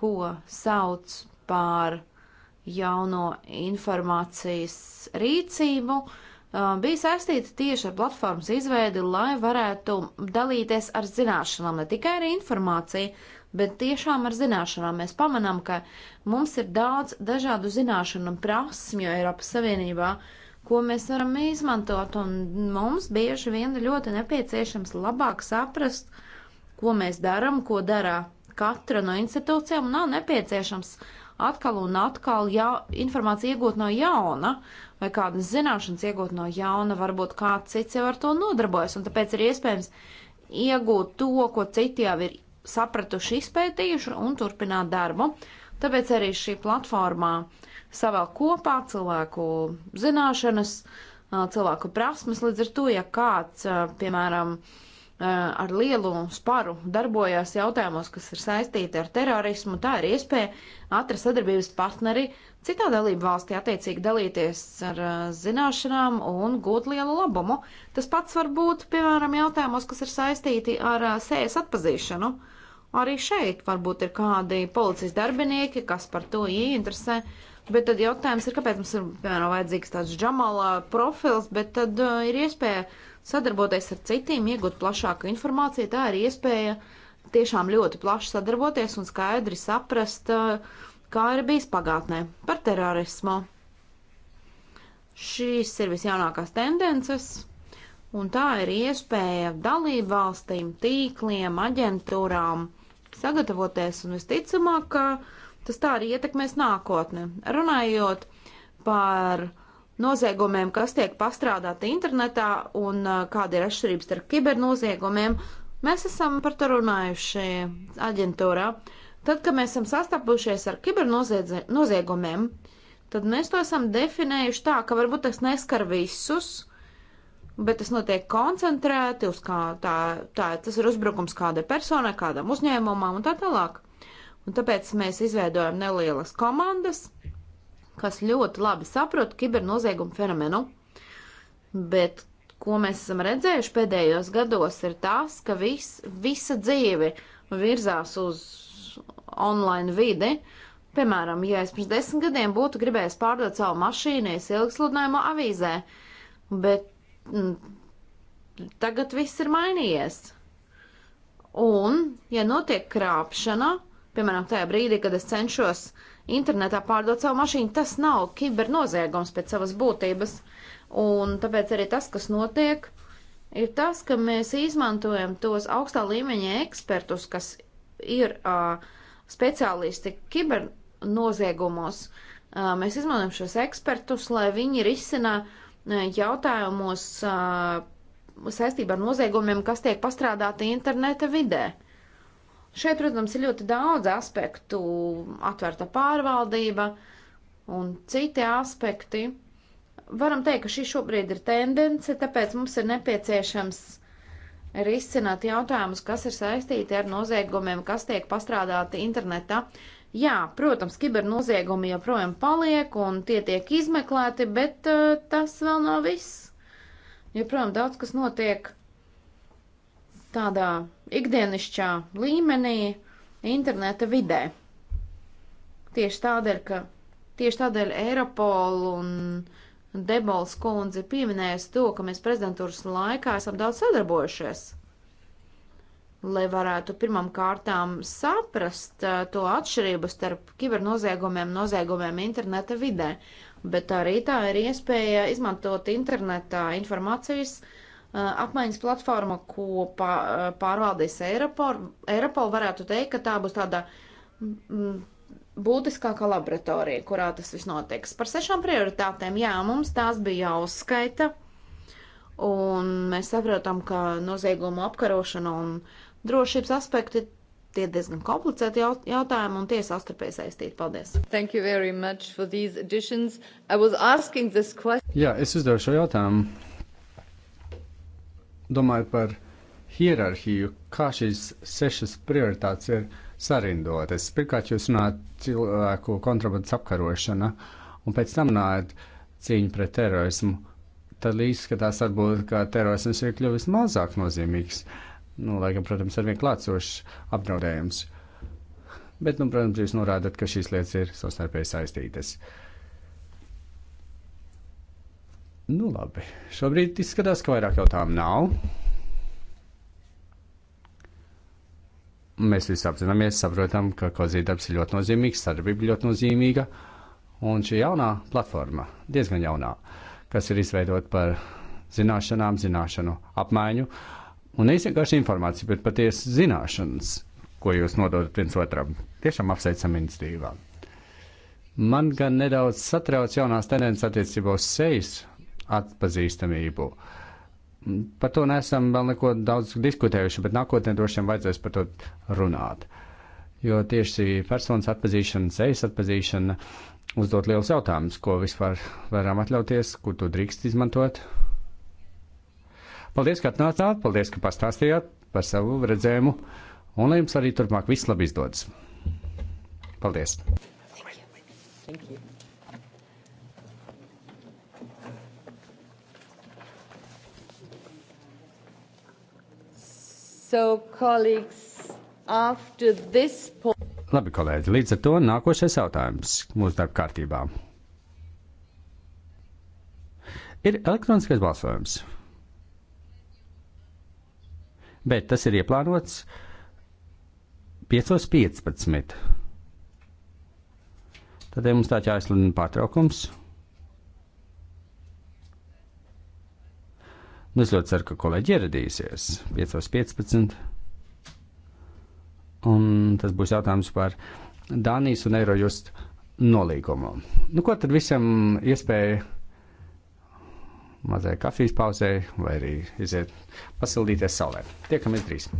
ko sauc par jauno informācijas rīcību, bija saistīta tieši ar platformas izveidi, lai varētu dalīties ar zināšanām, ne tikai ar informāciju, bet tiešām ar zināšanām. Mēs pamanām, ka mums ir daudz dažādu zināšanu un prasmju Eiropas Savienībā. Uh, ko mēs varam izmantot, un mums bieži vien ir ļoti nepieciešams labāk saprast, ko mēs daram, ko dara katra no institūcijām, nav nepieciešams atkal un atkal ja, informācija iegūt no jauna, vai kādas zināšanas iegūt no jauna, varbūt kāds cits jau ar to nodarbojas, un tāpēc ir iespējams iegūt to, ko citi jau ir sapratuši, izpētījuši un turpināt darbu. Tāpēc arī šī platformā uh, savēl kopā cilvēku zināšanas, cilvēku prasmes. Līdz ar to, ja kāds, piemēram, ar lielu sparu darbojās jautājumos, kas ir saistīti ar terorismu, tā ir iespēja atrast sadarbības partneri citā dalību valstī, attiecīgi dalīties ar zināšanām un gūt lielu labumu. Tas pats var būt, piemēram, jautājumos, kas ir saistīti ar sējas atpazīšanu. Arī šeit varbūt ir kādi policijas darbinieki, kas par to ieinteresē. Ja Bet tad jautājums ir, kāpēc mums ir, piemēram, vajadzīgs tāds džamala profils, bet tad uh, ir iespēja sadarboties ar citiem, iegūt plašāku informāciju. Tā ir iespēja tiešām ļoti plaši sadarboties un skaidri saprast, uh, kā ir bijis pagātnē par terorismu. Šīs ir visjaunākās tendences, un tā ir iespēja dalību valstīm, tīkliem, aģentūrām sagatavoties, un visticamāk, ka Tas tā arī ietekmēs nākotni. Runājot par noziegumiem, kas tiek pastrādāti internetā un kāda ir atšķirības starp kibernoziegumiem, mēs esam par to runājuši aģentūrā. Tad, kad mēs esam sastapušies ar kibernoziegumiem, tad mēs to esam definējuši tā, ka varbūt tas neskar visus, bet tas notiek koncentrēti uz kā tā, tā tas ir uzbrukums kādai personai, kādam uzņēmumam un tā tālāk. Un tāpēc mēs izveidojam nelielas komandas, kas ļoti labi saprot kibernoziegumu fenomenu. Bet ko mēs esam redzējuši pēdējos gados, ir tas, ka vis, visa dzīve virzās uz online vidi. Piemēram, ja es pirms desmit gadiem būtu gribējis pārdot savu mašīnu, es ilgi sludinājumu avīzē, bet mm, tagad viss ir mainījies. Un, ja notiek krāpšana, Piemēram, tajā brīdī, kad es cenšos internetā pārdot savu mašīnu, tas nav kibernoziegums pēc savas būtības. Un tāpēc arī tas, kas notiek, ir tas, ka mēs izmantojam tos augstā līmeņa ekspertus, kas ir uh, speciālisti kibernoziegumos. Uh, mēs izmantojam šos ekspertus, lai viņi risina uh, jautājumos uh, saistībā ar noziegumiem, kas tiek pastrādāti interneta vidē. Uh, Šeit, protams, ir ļoti daudz aspektu, atvērta pārvaldība un citi aspekti. Varam teikt, ka šī šobrīd ir tendence, tāpēc mums ir nepieciešams risināt jautājumus, kas ir saistīti ar noziegumiem, kas tiek pastrādāti internetā. Jā, protams, kibernoziegumi joprojām paliek un tie tiek izmeklēti, bet uh, tas vēl nav viss. Joprojām daudz kas notiek tādā ikdienišķā līmenī interneta vidē. Tieši tādēļ, ka tieši tādēļ Eiropol un Debols kundze pieminējas to, ka mēs prezidentūras laikā esam daudz sadarbojušies, lai varētu pirmam kārtām saprast to atšķirību starp kibernoziegumiem, noziegumiem interneta vidē, bet arī tā ir iespēja izmantot internetā informācijas uh, Eh, apmaiņas platforma, ko eh, pārvaldīs Eiropol, Eiropol varētu teikt, ka tā būs tāda mm, mm, būtiskākā laboratorija, kurā tas viss notiks. Par sešām prioritātēm, jā, mums tās bija jāuzskaita, un mēs saprotam, ka noziegumu apkarošana un drošības aspekti tie diezgan komplicēti jautājumi un tie sastarpēji saistīti. Paldies! Thank you very much for these additions. I was asking this question. Jā, es uzdevu šo jautājumu domāju par hierarhiju, kā šīs sešas prioritātes ir sarindotas. Pirmkārt, jūs runājat cilvēku kontrabandas apkarošana, un pēc tam runājat cīņu pret terorismu. Tad izskatās varbūt, ka terorisms ir kļuvis mazāk nozīmīgs. Nu, lai gan, protams, ar vien klātsošs apdraudējums. Bet, nu, protams, jūs norādat, ka šīs lietas ir savstarpēji saistītas. Uh, Nu, labi. Šobrīd izskatās, ka vairāk jautājumu nav. Mēs visi apzināmies, saprotam, ka kozīdarbs ir ļoti nozīmīgs, sadarbība ļoti nozīmīga. Un šī jaunā platforma, diezgan jaunā, kas ir izveidota par zināšanām, zināšanu apmaiņu, un ne vienkārši informācija, bet patiesi zināšanas, ko jūs nododat viens otram. Tiešām apsveicam iniciatīvām. Man gan nedaudz satrauc jaunās tendences attiecībā uz sejas atpazīstamību. Par to nesam vēl neko daudz diskutējuši, bet nākotnē droši vien vajadzēs par to runāt. Jo tieši personas atpazīšana, sejas atpazīšana uzdot liels jautājums, ko vispār varam atļauties, kur to drīkst izmantot. Paldies, ka atnācāt, paldies, ka pastāstījāt par savu redzējumu, un lai jums arī turpmāk viss labi izdodas. Paldies! Thank you. Thank you. So, colleagues, after this point... Labi, kolēģi, līdz ar to nākošais jautājums mūsu darba kārtībā. Ir elektroniskais balsojums. Bet tas ir ieplānots 5.15. Tad ja mums tā jāizsludina pārtraukums. Nu, es ļoti ceru, ka kolēģi ieradīsies 5.15. Un tas būs jautājums par Dānijas un Eirojust nolīgumu. Nu, ko tad visam iespēja mazai kafijas pauzē vai arī iziet pasildīties saulē? Tiekamies drīz!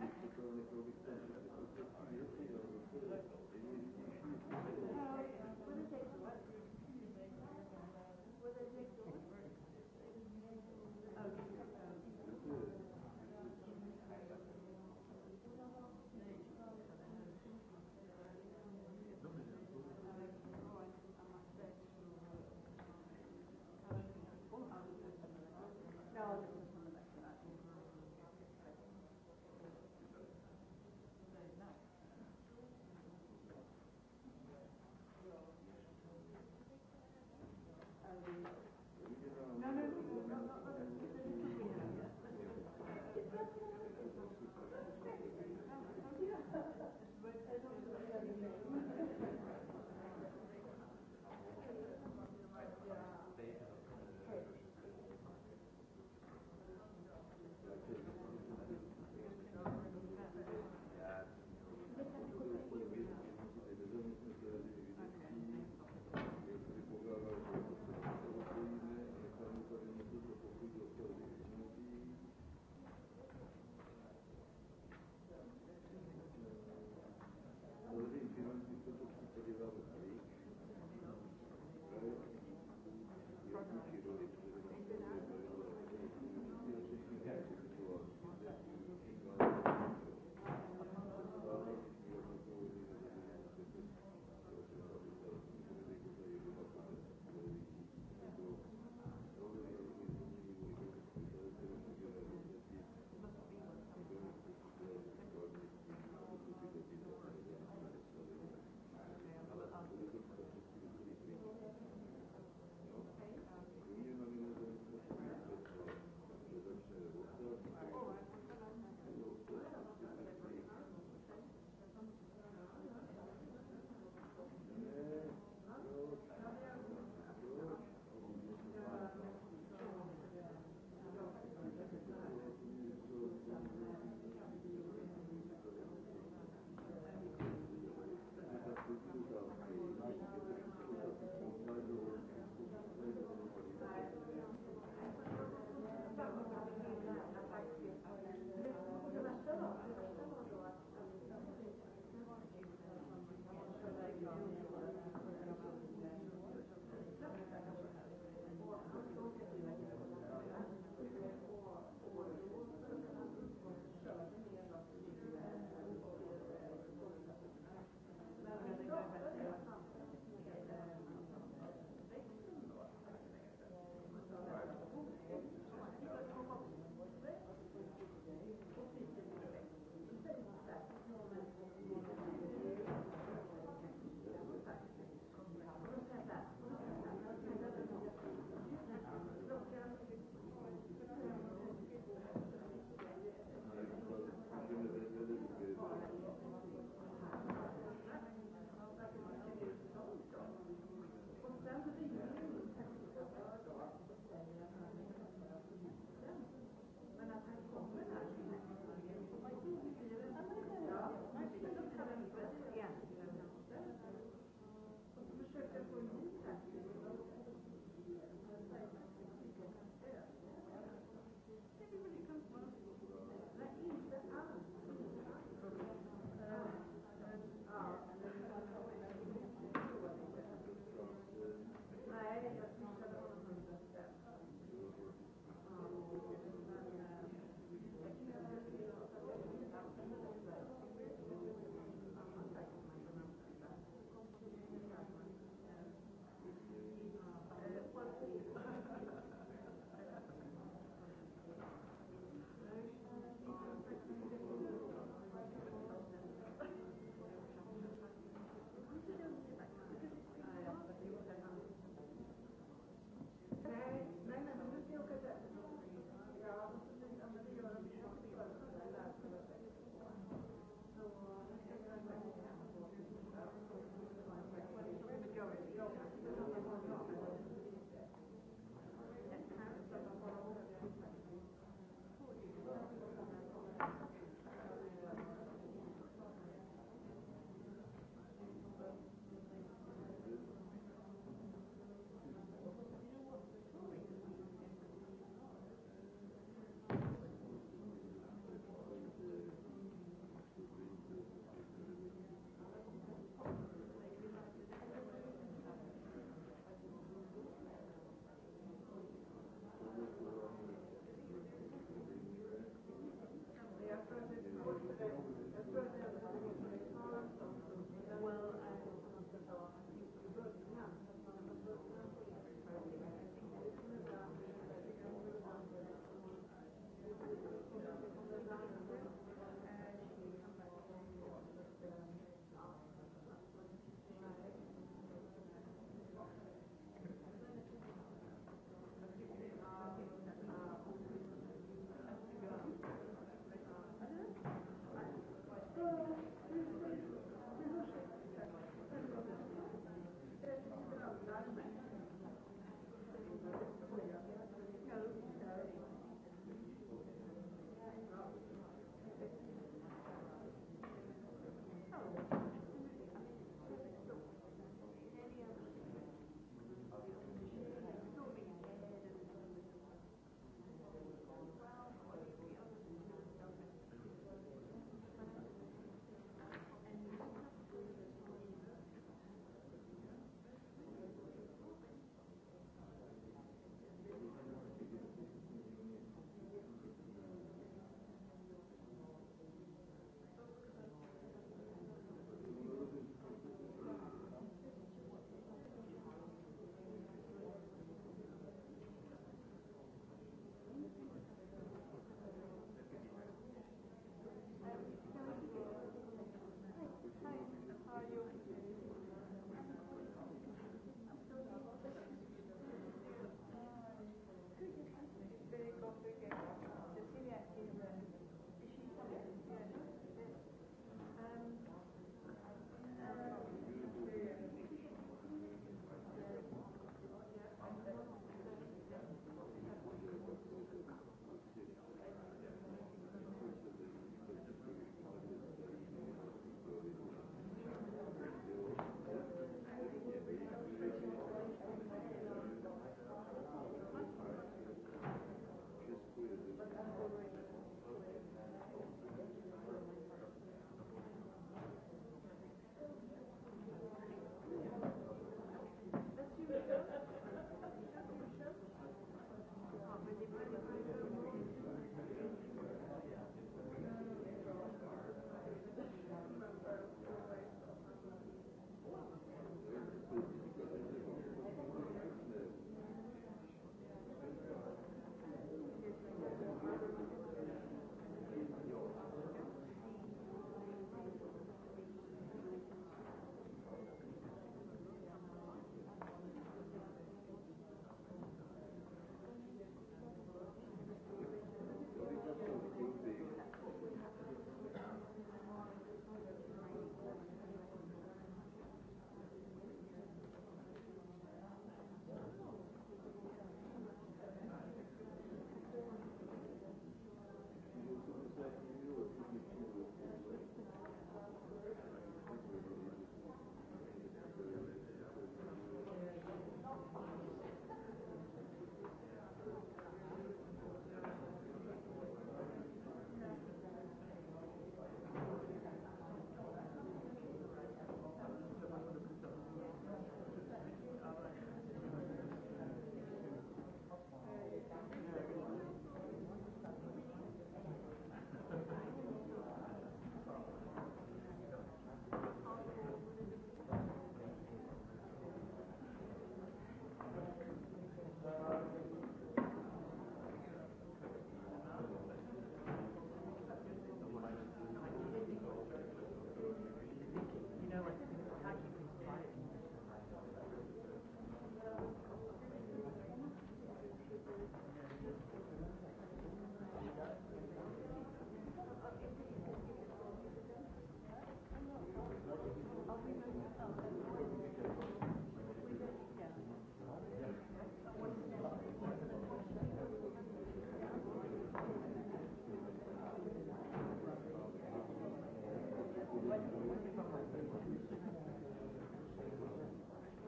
Thank you.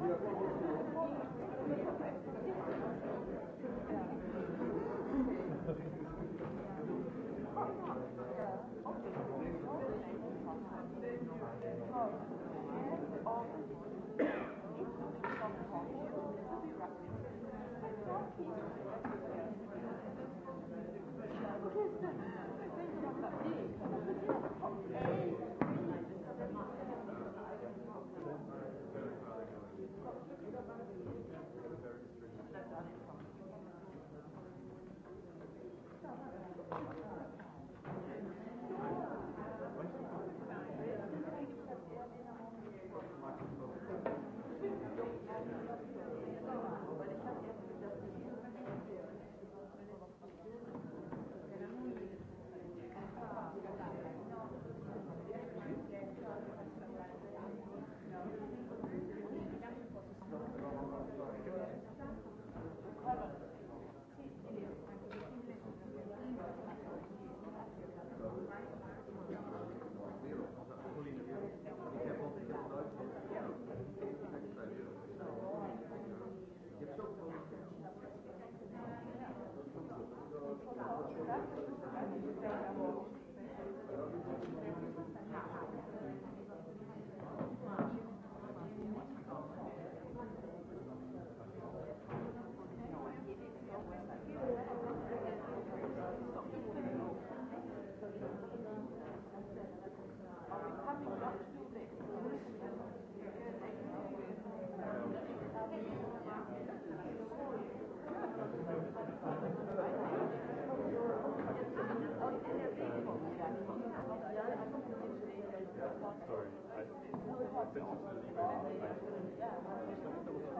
Thank you.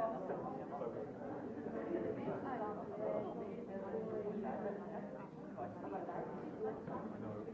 Thank you.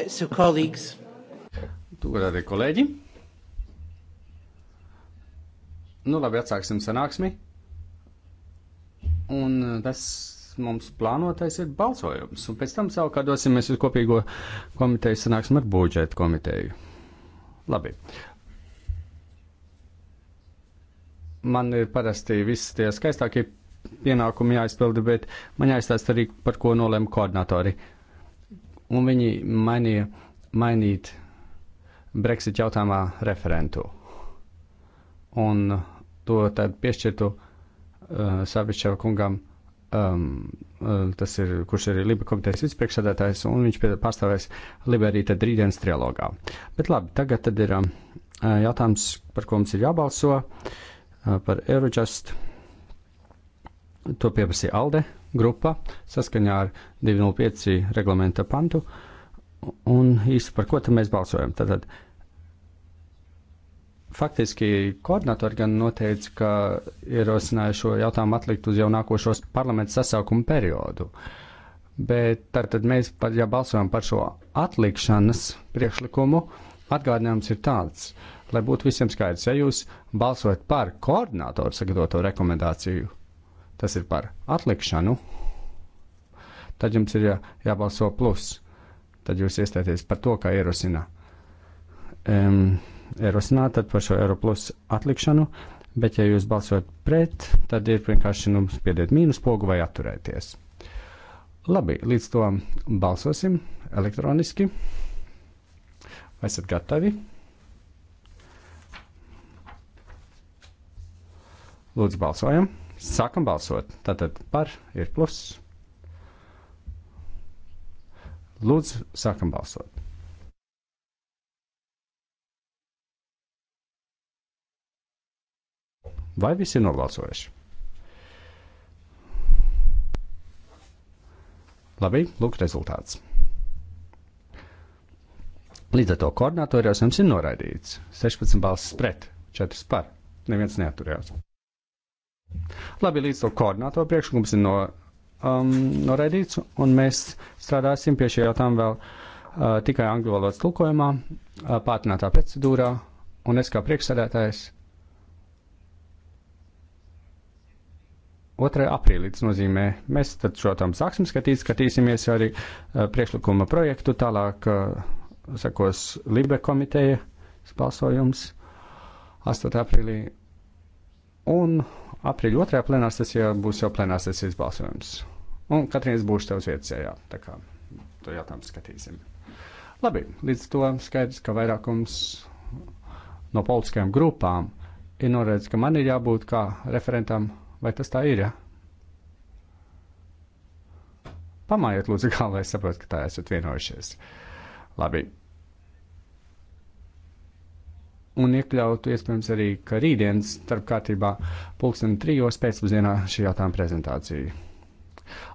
Uh, so colleagues. Tu godātie kolēģi. Nu, labi, atsāksim sanāksmi. Un tas mums plānotais ir balsojums. Un pēc tam savukārt dosimies uz kopīgo komiteju sanāksmi ar budžetu komiteju. Labi. Man ir parasti viss tie skaistākie pienākumi jāizpilda, bet man jāizstāsta arī, par ko nolēma koordinatori. Uh, un viņi mainīja mainīt Brexit jautājumā referentu. Un to tad piešķirtu uh, Savičeva kungam, um, uh, tas ir, kurš ir Liba komitejas vicepriekšsēdētājs, un viņš pārstāvēs Liba arī tad rītdienas trialogā. Bet labi, tagad tad ir um, uh, jautājums, par ko mums ir jābalso, uh, par Eurojust. To pieprasīja Alde grupa saskaņā ar 205 reglamenta pantu. Un īsti par ko tad mēs balsojam? Tātad, faktiski koordinatori gan noteica, ka ierosināja šo jautājumu atlikt uz jau nākošos parlamentu sasaukumu periodu. Bet tad, tad mēs, pat, ja balsojam par šo atlikšanas priekšlikumu, atgādinājums ir tāds, lai būtu visiem skaidrs, ja jūs balsojat par koordinatoru sagatavoto rekomendāciju, tas ir par atlikšanu, tad jums ir jā, jābalso plus. Tad jūs iestāties par to, kā ierosina. Um, ierosināt tad par šo eiro plus atlikšanu, bet ja jūs balsot pret, tad ir vienkārši nu spiediet mīnus pogu vai atturēties. Labi, līdz to balsosim elektroniski. Vai esat gatavi? Lūdzu, balsojam! Sākam balsot. Tātad par ir pluss. Lūdzu, sākam balsot. Vai visi ir nobalsojuši? Labi, lūk, rezultāts. Līdz ar to koordinatoriem jums ir noraidīts 16 balsis pret, 4 par. Neviens neaturējās. Labi, līdz to koordinātoru priekšlikums ir no, um, noraidīts, un mēs strādāsim pie šī jautājuma vēl uh, tikai angļu valodas tulkojumā, uh, pātrinātā procedūrā, un es kā priekšsēdētājs 2. aprīlī tas nozīmē, mēs tad šo tam sāksim skatīt, skatīsimies arī uh, priekšlikuma projektu, tālāk uh, sakos Libe komiteja balsojums 8. aprīlī Un aprīļa otrajā plenārsesijā būs jau plenārsesijas balsojums. Un katrs būs tev uz vietas ejā. Tā kā to jautājumu skatīsim. Labi, līdz to skaidrs, ka vairākums no politiskajām grupām ir norēdzis, ka man ir jābūt kā referentam, vai tas tā ir, ja? Pamājiet lūdzu, kā lai saprotu, ka tā esat vienojušies. Labi, un iekļautu iespējams arī, ka rītdienas starp kārtībā pulksten trijos pēcpusdienā šī jautājuma prezentācija.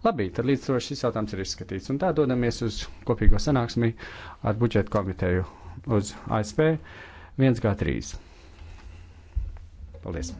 Labi, tad līdz to šis jautājums ir izskatīts, un tā dodamies uz kopīgo sanāksmi ar budžetu komiteju uz ASP 1G3. Paldies!